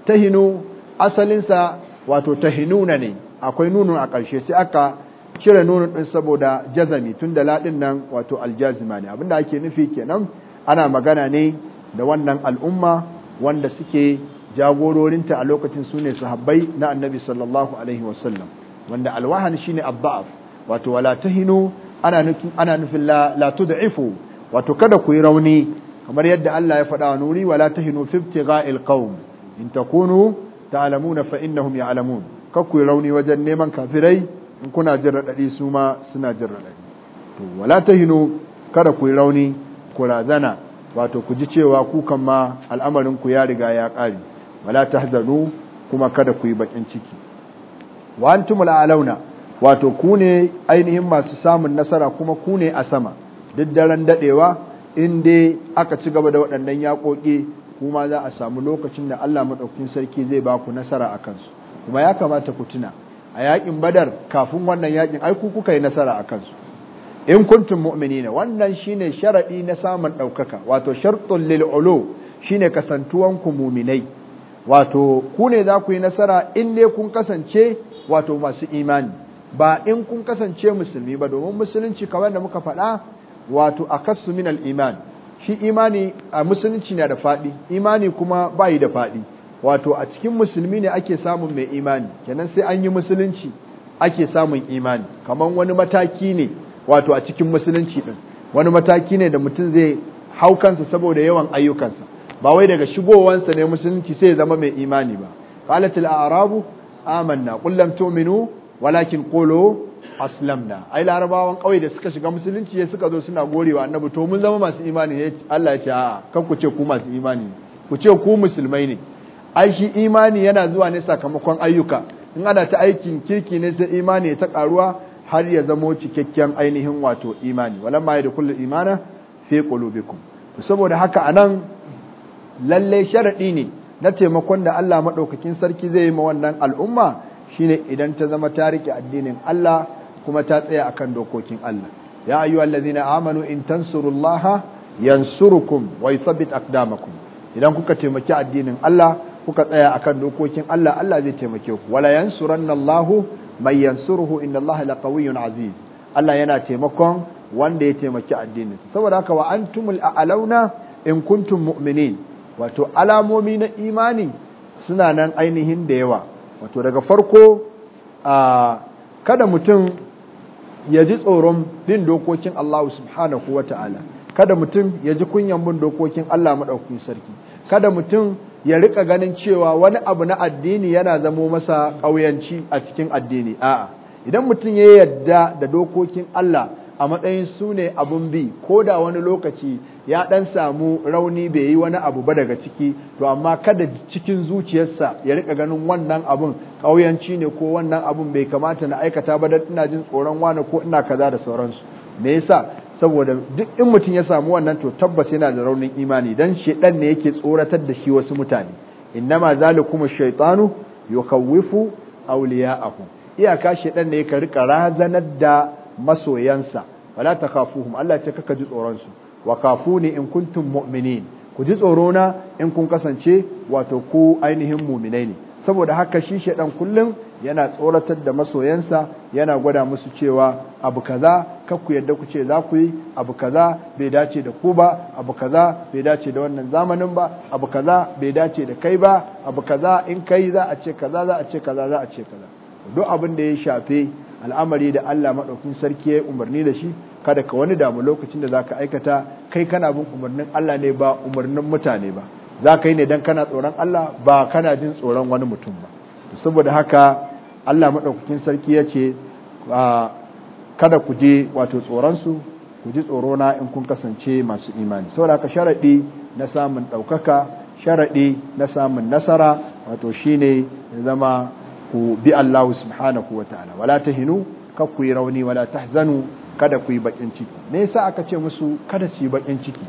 tahinu asalinsa wato tahinuna ne akwai nuno a ƙarshe sai aka cire nunun ɗin saboda jazami tun da laɗin nan wato aljazima ne abinda ake nufi kenan ana magana ne da wannan al'umma wanda suke jagororinta a lokacin su ne sahabbai na annabi sallallahu alaihi wasallam wanda alwahan shine abba'af wato wala ta hinu nufin ana nufin la, da tud'ifu wato kada ku yi rauni kamar yadda Allah ya faɗa wa nuri wala hinu fi ibtigha'il qaum in takunu ta'lamuna fa innahum ya'lamun kakku rauni wajen neman kafirai in kuna jin raɗaɗi su ma suna jin raɗaɗi to wala ta hinu kada ku rauni ku razana wato ku ji cewa kukan ma al'amarin ku ya riga ya ƙare wala ta hazanu kuma kada ku yi bakin ciki wa antumul launa wato ku ne ainihin masu samun nasara kuma ku ne a sama duk daren dadewa in dai aka ci gaba da waɗannan yaƙoƙi kuma za a samu lokacin da Allah madaukakin sarki zai ba ku nasara a kansu kuma ya kamata ku tuna a yakin badar kafin wannan yakin ai ku kuka yi nasara a kansu in kuntum mu'minina wannan shine sharadi na samun daukaka wato shartul lil ulu shine kasantuwan ku mu'minai wato ku ne za ku yi nasara in ne kun kasance wato masu imani ba in kun kasance musulmi ba domin musulunci kamar da muka faɗa wato akasu minal iman shi imani a musulunci na da faɗi imani kuma bayi da faɗi wato a cikin musulmi ne ake samun mai imani kenan sai an yi musulunci ake samun imani kamar wani mataki ne wato a cikin musulunci din wani mataki ne da mutum zai haukansa saboda yawan ayyukansa ba wai daga shigowansa ne musulunci sai ya zama mai imani ba qalatil a'rabu amanna qul lam tu'minu walakin qulu aslamna ai larabawan kauye da suka shiga musulunci sai suka zo suna gorewa annabi to mun zama masu imani ne Allah ya ce a'a kan ku ce ku masu imani ku ce ku musulmai ne ai imani yana zuwa ne sakamakon ayyuka in ana ta aikin kirki ne sai imani ta karuwa har ya zamo cikakken ainihin wato imani ma da kullu imana fi qulubikum saboda haka anan lalle sharadi ne na taimakon da Allah madaukakin sarki zai yi ma wannan al'umma shine idan ta zama ta rike addinin Allah kuma ta tsaya akan dokokin Allah ya allazina amanu in tansurullaha yansurukum wa yuthabbit aqdamakum idan kuka taimaki addinin Allah kuka tsaya akan dokokin Allah Allah zai taimake ku wala yansurannallahu may yansuruhu innallaha laqawiyyun aziz Allah yana taimakon wanda ya taimaki addinin saboda haka wa antumul a'launa in kuntum mu'minin wato alamomi na imani suna nan ainihin da yawa wato daga farko kada mutum ya ji tsoron bin dokokin Allah subhanahu wata'ala kada mutum ya ji kunyan bin dokokin Allah madaukakin sarki kada mutum ya rika ganin cewa wani abu na addini yana zamo masa ƙauyanci a cikin addini a'a idan mutum ya yadda da dokokin Allah a matsayin su ne abun bi ko da wani lokaci ya ɗan samu rauni bai yi wani abu ba daga ciki to amma kada cikin zuciyarsa ya rika ganin wannan abun ƙauyanci ne ko wannan abun bai kamata na aikata ba da ina jin tsoron wani ko ina kaza da sauransu me yasa saboda duk in mutum ya samu wannan to tabbas yana da raunin imani dan shedan ne yake tsoratar da shi wasu mutane innama zalikum shaytanu yukawwifu awliya'ahu iyaka shedan ne yake rika razanar da masoyansa wala takhafuhum Allah ce kaka ji tsoron su wa kafuni in kuntum mu'minin ku ji tsoro na in kun kasance wato ku ainihin mu'minai ne saboda haka shi shedan kullum yana tsoratar da masoyansa yana gwada musu cewa abu kaza kakku ku yadda ku ce za ku yi abu kaza bai dace da ku ba abu kaza bai dace da wannan zamanin ba abu kaza bai dace da kai ba abu kaza in kai za a ce kaza za a ce kaza za a ce kaza duk abin da ya shafe al'amari da Allah madaukin sarki ya umarni da shi kada ka wani damu lokacin da zaka aikata kai kana bin umarnin Allah ne ba umarnin mutane ba za ka yi ne dan kana tsoron Allah ba kana jin tsoron wani mutum ba saboda haka Allah madaukakin sarki ya ce ah, kada ku je wato tsoronsu ku ji tsoro na in kun kasance masu imani saboda ka sharaɗi na samun ɗaukaka sharaɗi na samun nasara wato shine ya zama ku bi Allah subhanahu wa ta'ala wala tahinu hinu ku yi rauni wala tahzanu kada ku yi bakin ciki me yasa aka ce musu kada su yi bakin ciki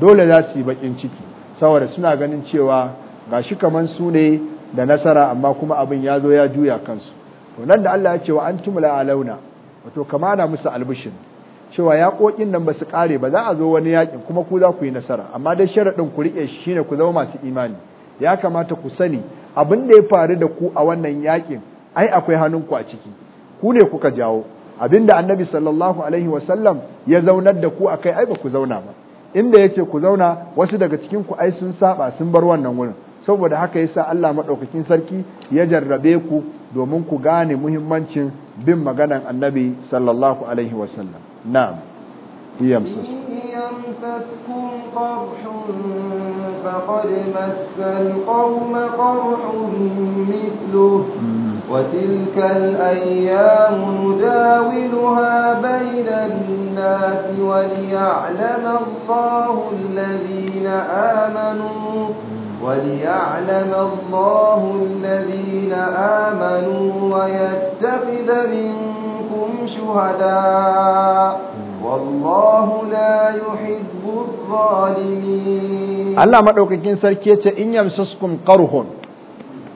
dole za su yi bakin ciki saboda suna ganin cewa gashi kaman su ne da nasara amma kuma abin ya zo ya juya kansu to nan da Allah ya ce wa antumul alauna wato kama musu albishin cewa yaƙoƙin nan ba su kare ba za a zo wani yakin kuma ku za ku yi nasara amma dai sharaɗin ku riƙe shi shine ku zama masu imani ya kamata ku sani abin da ya faru da ku a wannan yaƙin ai akwai hannun ku a ciki ku ne kuka jawo abin da annabi sallallahu alaihi wasallam ya zaunar da ku akai ai ba ku zauna ba inda yace ku zauna wasu daga cikin ku ai sun saba sun bar wannan wurin saboda haka yasa Allah madaukakin sarki ya jarrabe ku domin ku gane muhimmancin bin maganan annabi sallallahu alaihi wasallam na'am iyam sas وتلك الأيام نداولها بين الناس وليعلم الله الذين amanu. وليعلم الله الذين آمنوا ويتخذ منكم شهداء والله لا يحب الظالمين الله Sarki سركي إن يمسسكم قرح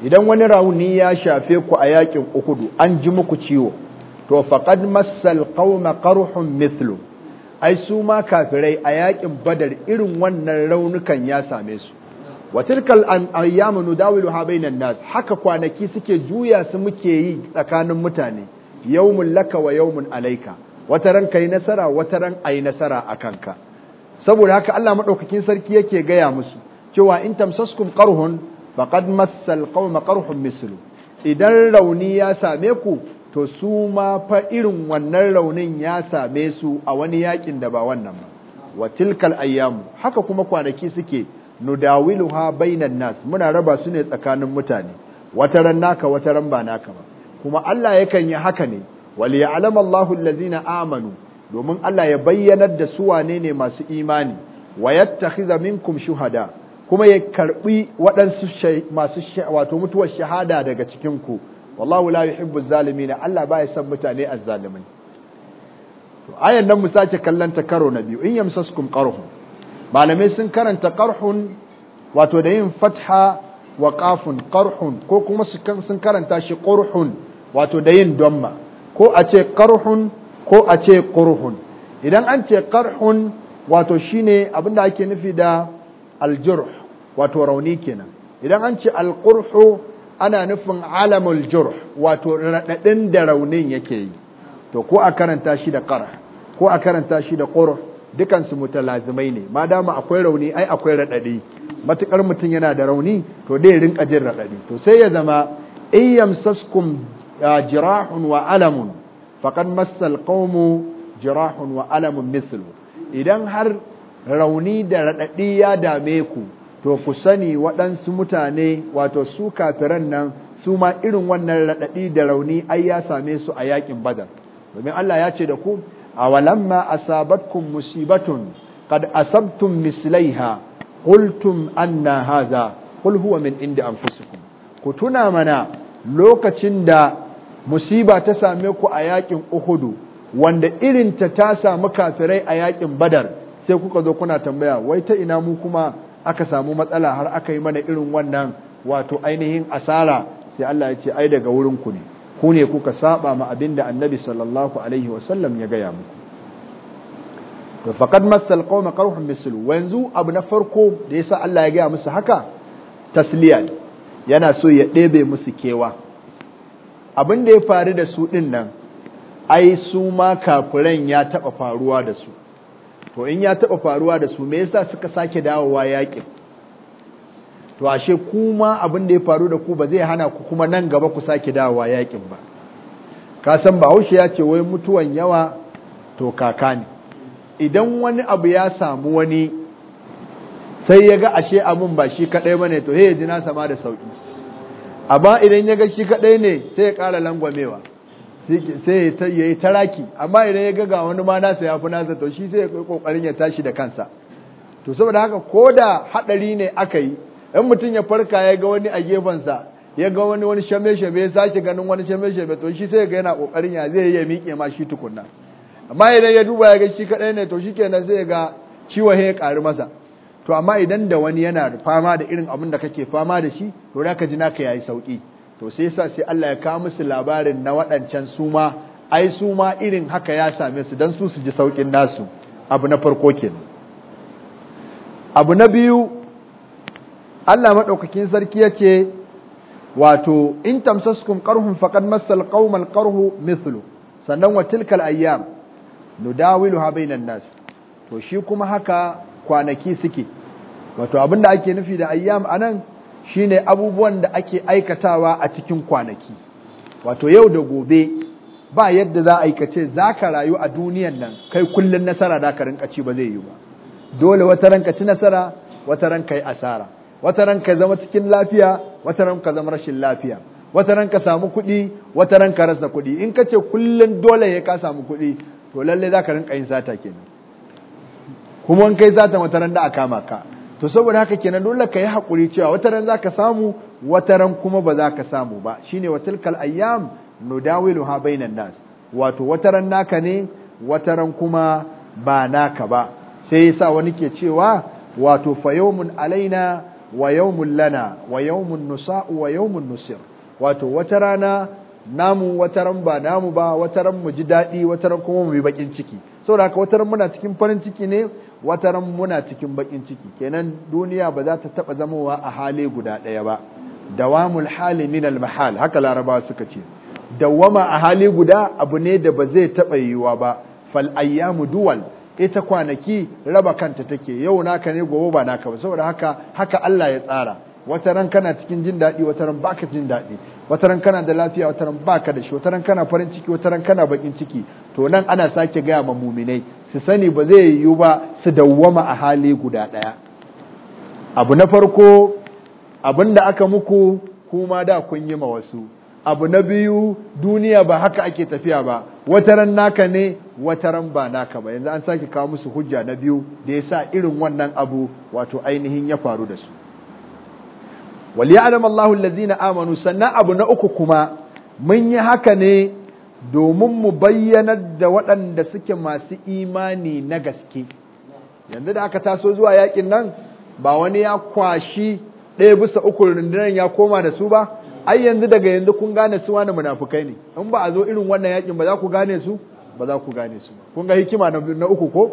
idan wani rauni ya shafe ku a yakin ukudu an ji muku ciwo to faqad massal qauma qarhun mithlu ai su ma kafirai a yakin badar irin wannan raunukan ya same su wa tilkal ayyamu nudawiluha bainan nas haka kwanaki suke juya su muke yi tsakanin mutane yawmun laka wa yawmun alayka wata ran kai nasara wata ran ai nasara akanka saboda haka Allah madaukakin sarki yake gaya musu cewa in tamsaskum qarhun faqad massal qawma qarhun mislu idan rauni ya same ku to su ma fa irin wannan raunin ya same su a wani yakin da ba wannan ba wa tilkal ayyamu haka kuma kwanaki suke nudawiluha bainan nas muna raba su ne tsakanin mutane wataran naka wataran ba naka ba kuma Allah yakan yi haka ne wal ya'lam Allahu allazina amanu domin Allah ya bayyanar da su wane ne masu imani wayattakhiza minkum shuhada kuma ya karbi waɗansu masu wato mutuwar shahada daga cikin ku wallahu la yuhibbu zalimin Allah baya son mutane azzalimin to ayan nan mu sace kallon ta karo na biyu in yamsaskum qarhum malamai sun karanta qarhun wato da yin fatha wa qafun qarhun ko kuma sun karanta shi qurhun wato da yin damma ko a ce qarhun ko a ce qurhun idan an ce qarhun wato shine abinda ake nufi da aljurh wato rauni kenan idan an ce alqurhu ana nufin alamul jurh wato radadin da raunin yake yi to ko a karanta shi da qarh ko a karanta shi da qurh dukansu mutalazimai ne ma dama akwai rauni ai akwai raɗaɗi matukar mutum yana da rauni to dai rinka jin raɗaɗi to sai ya zama in saskum ah, jirahun wa alamun faqad massal qawmu jirahun wa alamun mislu idan har rauni da raɗaɗi ya dame ku to ku sani waɗansu mutane wato su kafiran nan su ma irin wannan raɗaɗi da rauni ai ya same su a yakin badar domin Allah ya ce da ku أولما أصابتكم مصيبة قد أصبتم مثليها قلتم أن هذا قل هو tuna mana lokacin da musiba ta same ku a yaƙin Uhudu wanda irin ta samu kafirai a yakin badar sai kuka zo kuna tambaya wai ta ina mu kuma aka samu matsala har aka yi mana irin wannan wato ainihin asara sai Allah ya ce ai daga wurin ku ne ku ne kuka saba ma abinda annabi sallallahu alaihi wasallam ya gaya muku to faqad masal qauma qarhum mislu wanzu abu na farko da yasa Allah ya gaya musu haka tasliya yana so ya ɗebe musu kewa abin da ya faru da su din nan ai su ma kafiran ya taba faruwa da su to in ya taba faruwa da su me yasa suka sake dawowa yaƙin to ashe kuma abin da ya faru da ku ba zai hana ku kuma nan gaba ku sake dawowa yakin ba ka san bahaushe ya ce wai mutuwan yawa to kaka ne idan wani abu ya samu wani sai ya ga ashe abin ba shi kadai bane to he ji na sama da sauki amma idan ya ga shi kadai ne sai ya kara langwamewa sai ya yi taraki amma idan ya ga ga wani ma nasa ya fi nasa to shi sai ya kokarin ya tashi da kansa to saboda haka ko da hadari ne aka yi in mutum ya farka ya ga wani a gefensa ya ga wani wani shame shame ya sake ganin wani shame shame to shi sai ga yana kokarin ya zai ya miƙe ma shi tukunna amma idan ya duba ya ga shi kadai ne to shikenan zai ga ciwon ya ƙari masa to amma idan da wani yana fama da irin abin da kake fama da shi to da ka ji naka yayi sauki to sai yasa sai Allah ya ka musu labarin na waɗancan suma ai su ma irin haka ya same su dan su su ji saukin nasu abu na farko kenan abu na biyu Allah maɗaukakin sarki ya ce wato in tamsaskun ƙarhun faqad masal qauman ƙarhu mithlu sannan wa tilkal ayyam nudawiluha bainan nas to shi kuma haka kwanaki suke wato abinda ake nufi da ayyam a nan shi ne abubuwan da ake aikatawa a cikin kwanaki wato yau da gobe ba yadda za a aikace za ka rayu a duniyan nan kai kullum nasara da ka rinka ci ba zai yi ba dole wata ranka ci nasara wata ranka yi asara wata ran ka zama cikin lafiya wata ran ka zama rashin lafiya wata ran ka samu kuɗi wata ran ka rasa kuɗi in ka ce kullum dole ya ka samu kuɗi to lalle za ka rinka yin sata kenan kuma in kai sata wata ran da aka kama ka to saboda haka kenan dole ka yi haƙuri cewa wata ran za ka samu wata ran kuma ba za ka samu ba shine wa tilkal ayyam ha bainan nas wato wata ran naka ne wata ran kuma ba naka ba sai yasa wani ke cewa wato fayawmun alaina wa yawmun lana wa yawmun nusa'u wa yawmun nusir wato wata rana namu wata ran ba namu ba wata ran mu ji daɗi wata ran kuma mu yi bakin ciki saboda haka wata ran muna cikin farin ciki ne wata ran muna cikin bakin ciki kenan duniya ba za ta taba zamowa a hali guda ɗaya ba dawamul hali min al mahal haka laraba suka ce dawama a hali guda abu ne da ba zai taba yiwuwa ba fal ayyamu duwal ita kwanaki raba kanta take yau naka ne gobe ba naka ba saboda haka haka Allah ya tsara wata ran kana cikin jin daɗi wata ran baka jin daɗi wata ran kana da lafiya wata ran baka da shi wata ran kana farin ciki wata ran kana bakin ciki to nan ana sake gaya ma muminai su sani ba zai yiwu ba su dawwama a hali guda ɗaya abu na farko abin da aka muku kuma da kun yi ma wasu abu na biyu duniya ba haka ake tafiya ba wataran naka ne wataran ba naka ba yanzu an sake kawo musu hujja na biyu da ya sa irin wannan abu wato ainihin ya faru da su wal ya'lam Allahu allazina amanu sannan abu na uku kuma mun yi haka ne domin mu bayyanar da waɗanda suke masu imani na gaske yanzu da aka taso zuwa yakin nan ba wani ya kwashi ɗaya bisa uku rundunar ya koma da su ba ai yanzu daga yanzu kun gane su wani munafukai ne in ba a zo irin wannan yakin ba za ku gane su ba za ku gane su kun ga hikima na uku ko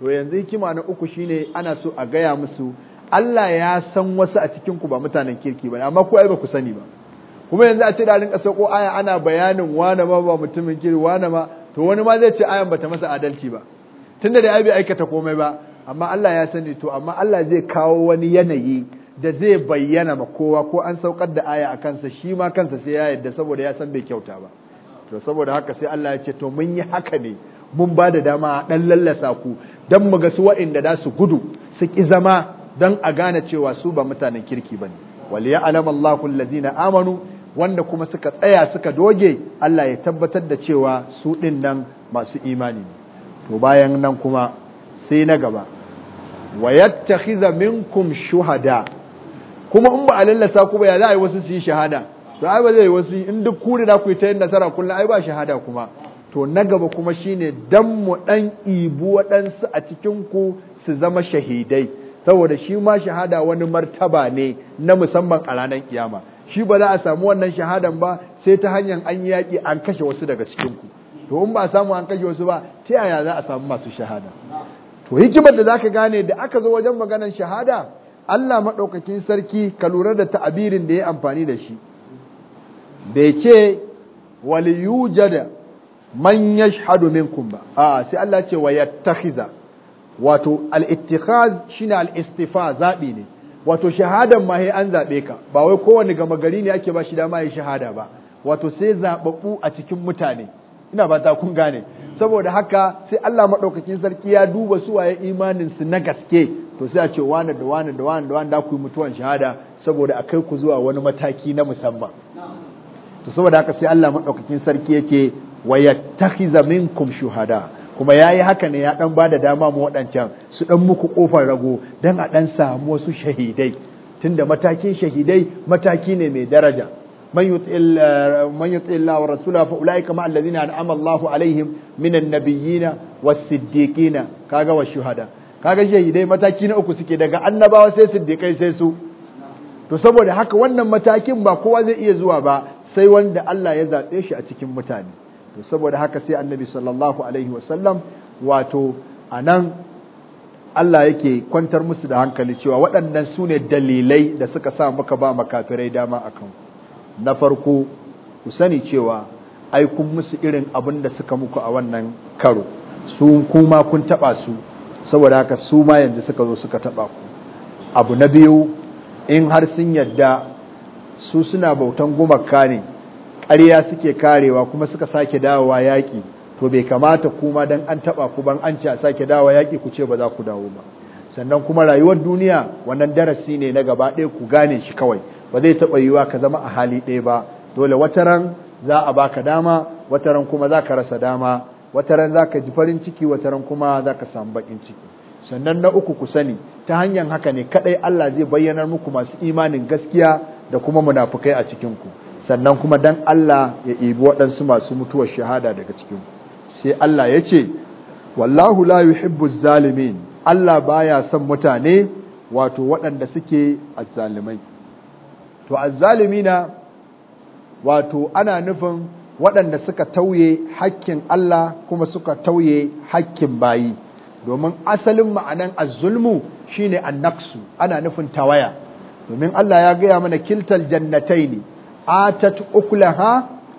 to yanzu hikima na uku shine ana so a gaya musu Allah ya san wasu a cikin ku ba mutanen kirki ba amma ku ai ba ku sani ba kuma yanzu a ce da rinka sauko aya ana bayanin wani ma ba mutumin kirki wani ma to wani ma zai ce ayan bata masa adalci ba tunda da ai bai aikata komai ba amma Allah ya sani to amma Allah zai kawo wani yanayi da zai bayyana ma kowa ko an saukar da aya a kansa shi ma kansa sai ya yadda saboda ya san bai kyauta ba to saboda haka sai Allah ya ce to mun yi haka ne mun ba da dama a dan lallasa ku dan mu ga su waɗanda da su gudu su ki zama dan a gane cewa su ba mutanen kirki bane wal ya'lam Allahu allazina amanu wanda kuma suka tsaya suka doge Allah ya tabbatar da cewa su din nan masu imani ne to bayan nan kuma sai na gaba wa minkum shuhada kuma in ba a lallasa ku ba ya za a yi wasu su yi shahada to ai ba zai wasu in duk kuri da ku yi ta yin nasara kullum ai ba shahada kuma to na gaba kuma shine dan mu dan ibu waɗansu a cikin ku su zama shahidai saboda shi ma shahada wani martaba ne na musamman a ranar kiyama shi ba za a samu wannan shahadan ba sai ta hanyar an yaƙi an kashe wasu daga cikin ku to in ba a samu an kashe wasu ba ta yaya za a samu masu shahada to hikimar da zaka gane da aka zo wajen maganar shahada Allah maɗaukakin sarki ka lura da ta'abirin da ya amfani da shi bai ce waliyujada man yashhadu minkum ba a sai Allah ce wa yattakhiza wato al shi shine al'istifa zaɓi ne wato shahadan ma an zabe ka ba wai kowane gama gari ne ake ba shi dama ya shahada ba wato sai zaɓaɓɓu a cikin mutane ina ba ta kun gane saboda haka sai Allah maɗaukakin sarki ya duba su waye imanin su na gaske to sai a ce wane da wane da wane da wane da ku yi mutuwan shahada saboda a kai ku zuwa wani mataki na musamman to saboda haka sai Allah maɗaukakin sarki yake wa yattakhiza minkum shuhada kuma yayi haka ne ya dan bada dama mu wadancan su ɗan muku kofar rago dan a ɗan samu wasu shahidai tunda matakin shahidai mataki ne mai daraja man yuti eh, man yuti Allah fa ulaika ma alladhina an'ama alaihim minan nabiyyina was kaga wa shuhada kaga dai mataki na uku suke daga annabawa sai siddiqai sai su to saboda haka wannan matakin ba kowa zai iya zuwa ba sai wanda Allah ya zabe shi a cikin mutane to saboda haka sai annabi sallallahu alaihi wasallam wato anan Allah yake kwantar musu da hankali cewa waɗannan su ne dalilai da suka sa muka ba makafirai dama a kan na farko ku sani cewa ai musu irin abin da suka muku a wannan karo su kuma kun taɓa su saboda haka su ma yanzu suka zo suka taba ku abu na biyu in har sun yadda su suna bautan gumaka ne ƙarya suke karewa kuma suka sake dawowa yaƙi to bai kamata kuma dan an taba ku ban an ce a sake dawowa yaƙi ku ce ba za ku dawo ba sannan kuma rayuwar duniya wannan darasi ne na gaba ɗaya ku gane shi kawai ba zai taɓa yiwuwa ka zama a hali ɗaya ba dole wataran za a baka dama wata ran kuma za ka rasa dama wataran za ka ji farin ciki wataran kuma za ka samu bakin ciki sannan na uku ku sani ta hanyar haka ne kadai Allah zai bayyanar muku masu imanin gaskiya da kuma munafukai a cikin ku sannan kuma dan Allah ya ibi waɗansu masu mutuwar shahada daga cikin ku sai Allah ya ce wallahu la yuhibbu zalimin Allah baya son mutane wato waɗanda suke azzalimai to azzalimina wato ana nufin waɗanda suka tauye hakkin Allah kuma suka tauye hakkin bayi domin asalin ma'anan azzulmu shine annaksu ana nufin tawaya domin Allah ya gaya mana kiltal jannataini atat ukulaha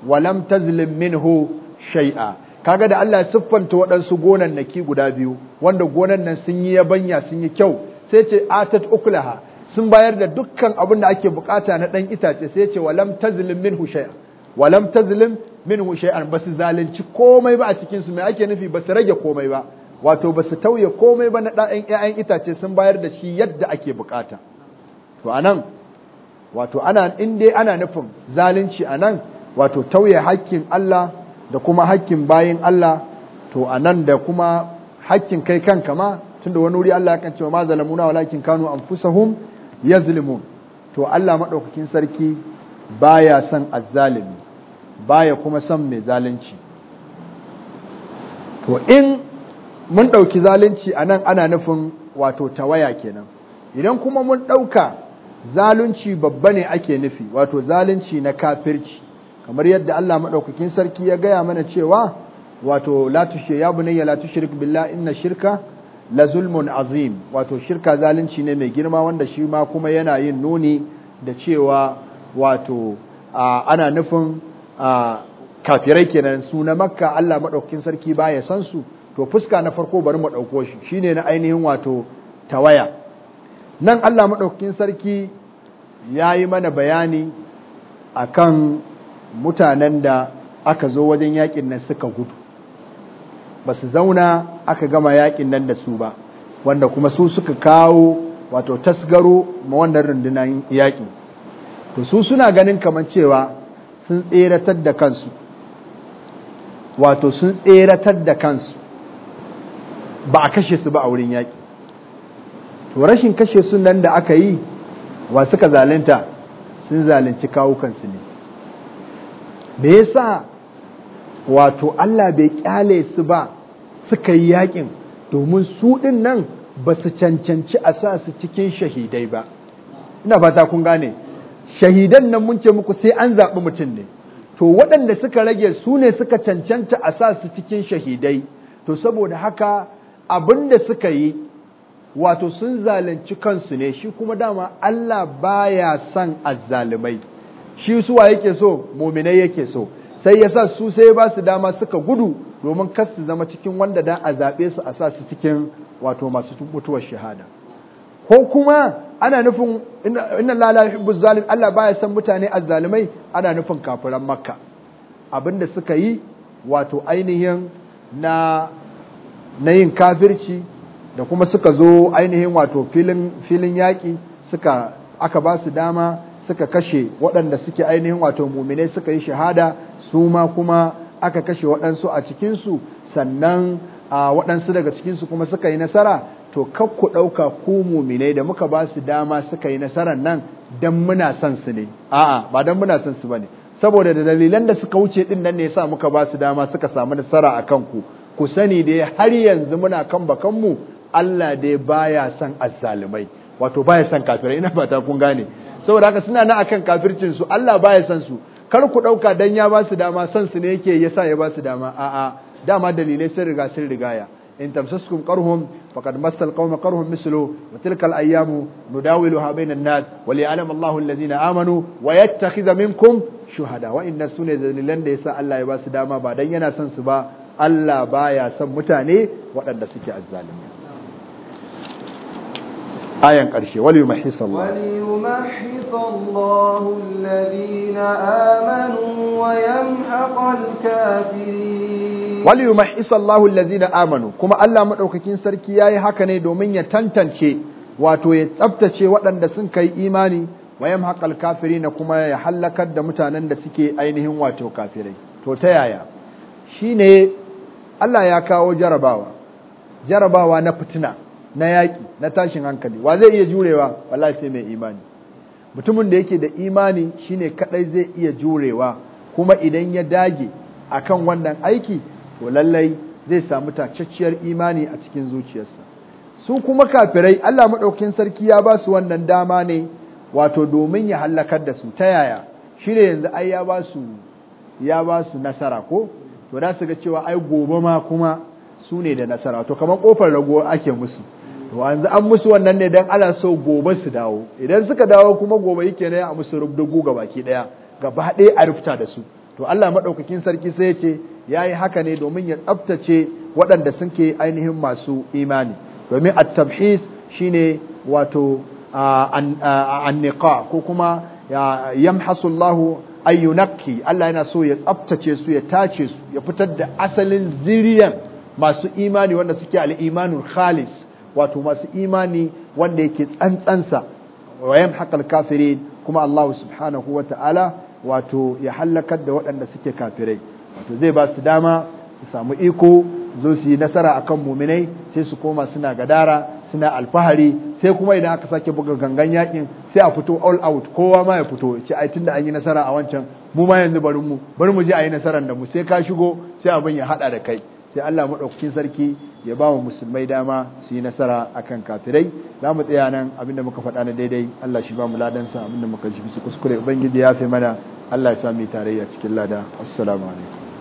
wa lam tazlim minhu shay'a kaga da Allah ya siffanta waɗansu gonannaki guda biyu wanda gonan nan sun yi yabanya sun yi kyau sai ce atat ukulaha sun bayar da dukkan abin da ake bukata na ɗan itace sai ce walam tazlim minhu shay'a walam tazlim minhu shay'an basu zalunci komai ba a cikin su mai ake nufi basu rage komai ba wato basu tauye komai ba na ɗan ƴaƴan itace sun bayar da shi yadda ake bukata to anan wato ana in dai ana nufin zalunci anan wato tauye haƙƙin Allah da kuma haƙƙin bayin Allah to anan da kuma hakkin kai kanka ma tunda wani wuri Allah ya kan cewa ma zalamuna walakin kanu anfusahum yazlimun to Allah madaukakin sarki baya son azzalimi baya kuma san mai zalunci to in mun ɗauki zalunci a nan ana nufin wato tawaya kenan idan kuma mun ɗauka zalunci babba ne ake nufi wato zalunci na kafirci kamar yadda Allah maɗaukakin sarki ya gaya mana cewa wato la tushe ya bunayya la tushrik billah inna shirka la zulmun azim wato shirka zalunci ne mai girma wanda shi ma kuma yana yin nuni da cewa wato ana nufin kafirai kenan su na makka Allah maɗaukin sarki baya san su to fuska na farko bari mu ɗauko shi shine na ainihin wato tawaya nan Allah maɗaukin sarki ya yi mana bayani a kan mutanen da aka zo wajen yakin nan suka gudu ba su zauna aka gama yakin nan da su ba wanda kuma su suka kawo wato tasgaro ma wannan rundunar yaƙi to su suna ganin kamar cewa sun tseratar da kansu wato sun tseratar da kansu ba a kashe su ba a wurin yaƙi to rashin kashe su nan da aka yi wa suka zalunta sun zalunci kawukansu ne me yasa wato Allah bai kyale su ba suka yi yaƙin domin su ɗin nan ba su cancanci a sa su cikin shahidai ba ina fata kun gane shahidan nan mun ce muku sai an zaɓi mutum ne to waɗanda suka rage su ne suka cancanta a sa su cikin shahidai to saboda haka abin da suka yi wato sun zalunci kansu ne shi kuma dama Allah baya son azzalumai shi suwa yake so muminai yake so sai ya sa su sai ba su dama suka gudu domin kar su zama cikin wanda dan a zaɓe su a sa su cikin wato masu mutuwar shahada ko kuma ana nufin inna la la zalim Allah baya san mutane azzalimai ana nufin kafiran makka abinda suka yi wato ainihin na na yin kafirci da kuma suka zo ainihin wato filin filin yaki suka aka ba su dama suka kashe waɗanda suke ainihin wato muminai suka yi shahada su ma kuma aka kashe waɗansu a cikinsu sannan waɗansu daga cikinsu kuma suka yi nasara to kar ku ɗauka ku muminai da muka ba su dama suka yi nasarar nan dan muna son su ne a'a ba dan muna son su bane saboda da dalilan da suka wuce din nan ne yasa muka ba su dama suka samu nasara akan ku ku sani da har yanzu muna kan bakan mu Allah dai baya son azzalumai wato baya son kafirai ina fata kun gane saboda haka suna na akan kafircin su Allah baya son su kar ku ɗauka dan ya ba su dama son su ne yake yasa ya ba su dama a'a dama dalilai sun riga sun rigaya إن تمسسكم قرهم فقد مس القوم قرهم مثله وتلك الأيام نداولها بين الناس وليعلم الله الذين آمنوا ويتخذ منكم شهداء وإن السنة لن ديسا الله يباس داما بعد ينا سنسبا الله بايا سمتاني وأن سكي الظالمين ayan ƙarshe wal yumahhis Allah wal yumahhis Allah alladhina amanu wa yamhaqal kafirin wal yumahhis Allah alladhina amanu kuma Allah madaukakin sarki yayi haka ne domin ya tantance wato ya tsaftace waɗanda sun kai imani wa kafiri na kuma ya halakar da mutanen da suke ainihin wato kafirai to ta yaya shine Allah ya kawo jarabawa jarabawa na fitina na yaƙi na tashin hankali wa zai iya jurewa wallahi sai mai imani mutumin da yake da imani shine kadai zai iya jurewa kuma idan ya dage akan wannan aiki to lallai zai samu tacacciyar imani a cikin zuciyarsa su kuma kafirai Allah madaukakin sarki ya ba su wannan dama ne wato domin ya halakar da su ta yaya shine yanzu ai ya ba su ya ba su nasara ko to da su ga cewa ai gobe ma kuma su ne da nasara to kamar kofar rago ake musu to yanzu an musu wannan ne dan ana so gobe su dawo idan suka dawo kuma gobe yake ne a musu rubdugu ga baki daya gaba ɗaya a rufta da su to Allah madaukakin sarki sai ya yayi haka ne domin ya tsaftace waɗanda suke ainihin masu imani domin at-tabhis shine wato an-niqa ko kuma yamhasu Allah Allah yana so ya tsaftace su ya tace su ya fitar da asalin ziriyan masu imani wanda suke al-imanul khalis wato masu imani wanda yake tsantsansa wa yamhaqal kafirin kuma Allah subhanahu wa ta'ala wato ya halakar da waɗanda suke kafirai wato zai ba su dama su samu iko zo su yi nasara akan muminai sai su koma suna gadara suna alfahari sai kuma idan aka sake buga gangan yakin sai a fito all out kowa ma ya fito ce ai tunda an yi nasara a wancan mu ma yanzu bari mu bari mu je a yi nasaran da mu sai ka shigo sai abin ya hada da kai sai Allah madaukakin sarki ya ba mu musulmai dama su yi nasara a kan kafirai za mu tsaya nan abinda muka faɗa na daidai Allah shi ba mu ladansa abinda muka ji bisu kuskure ubangiji ya fi mana Allah ya sami tarayya cikin lada assalamu alaikum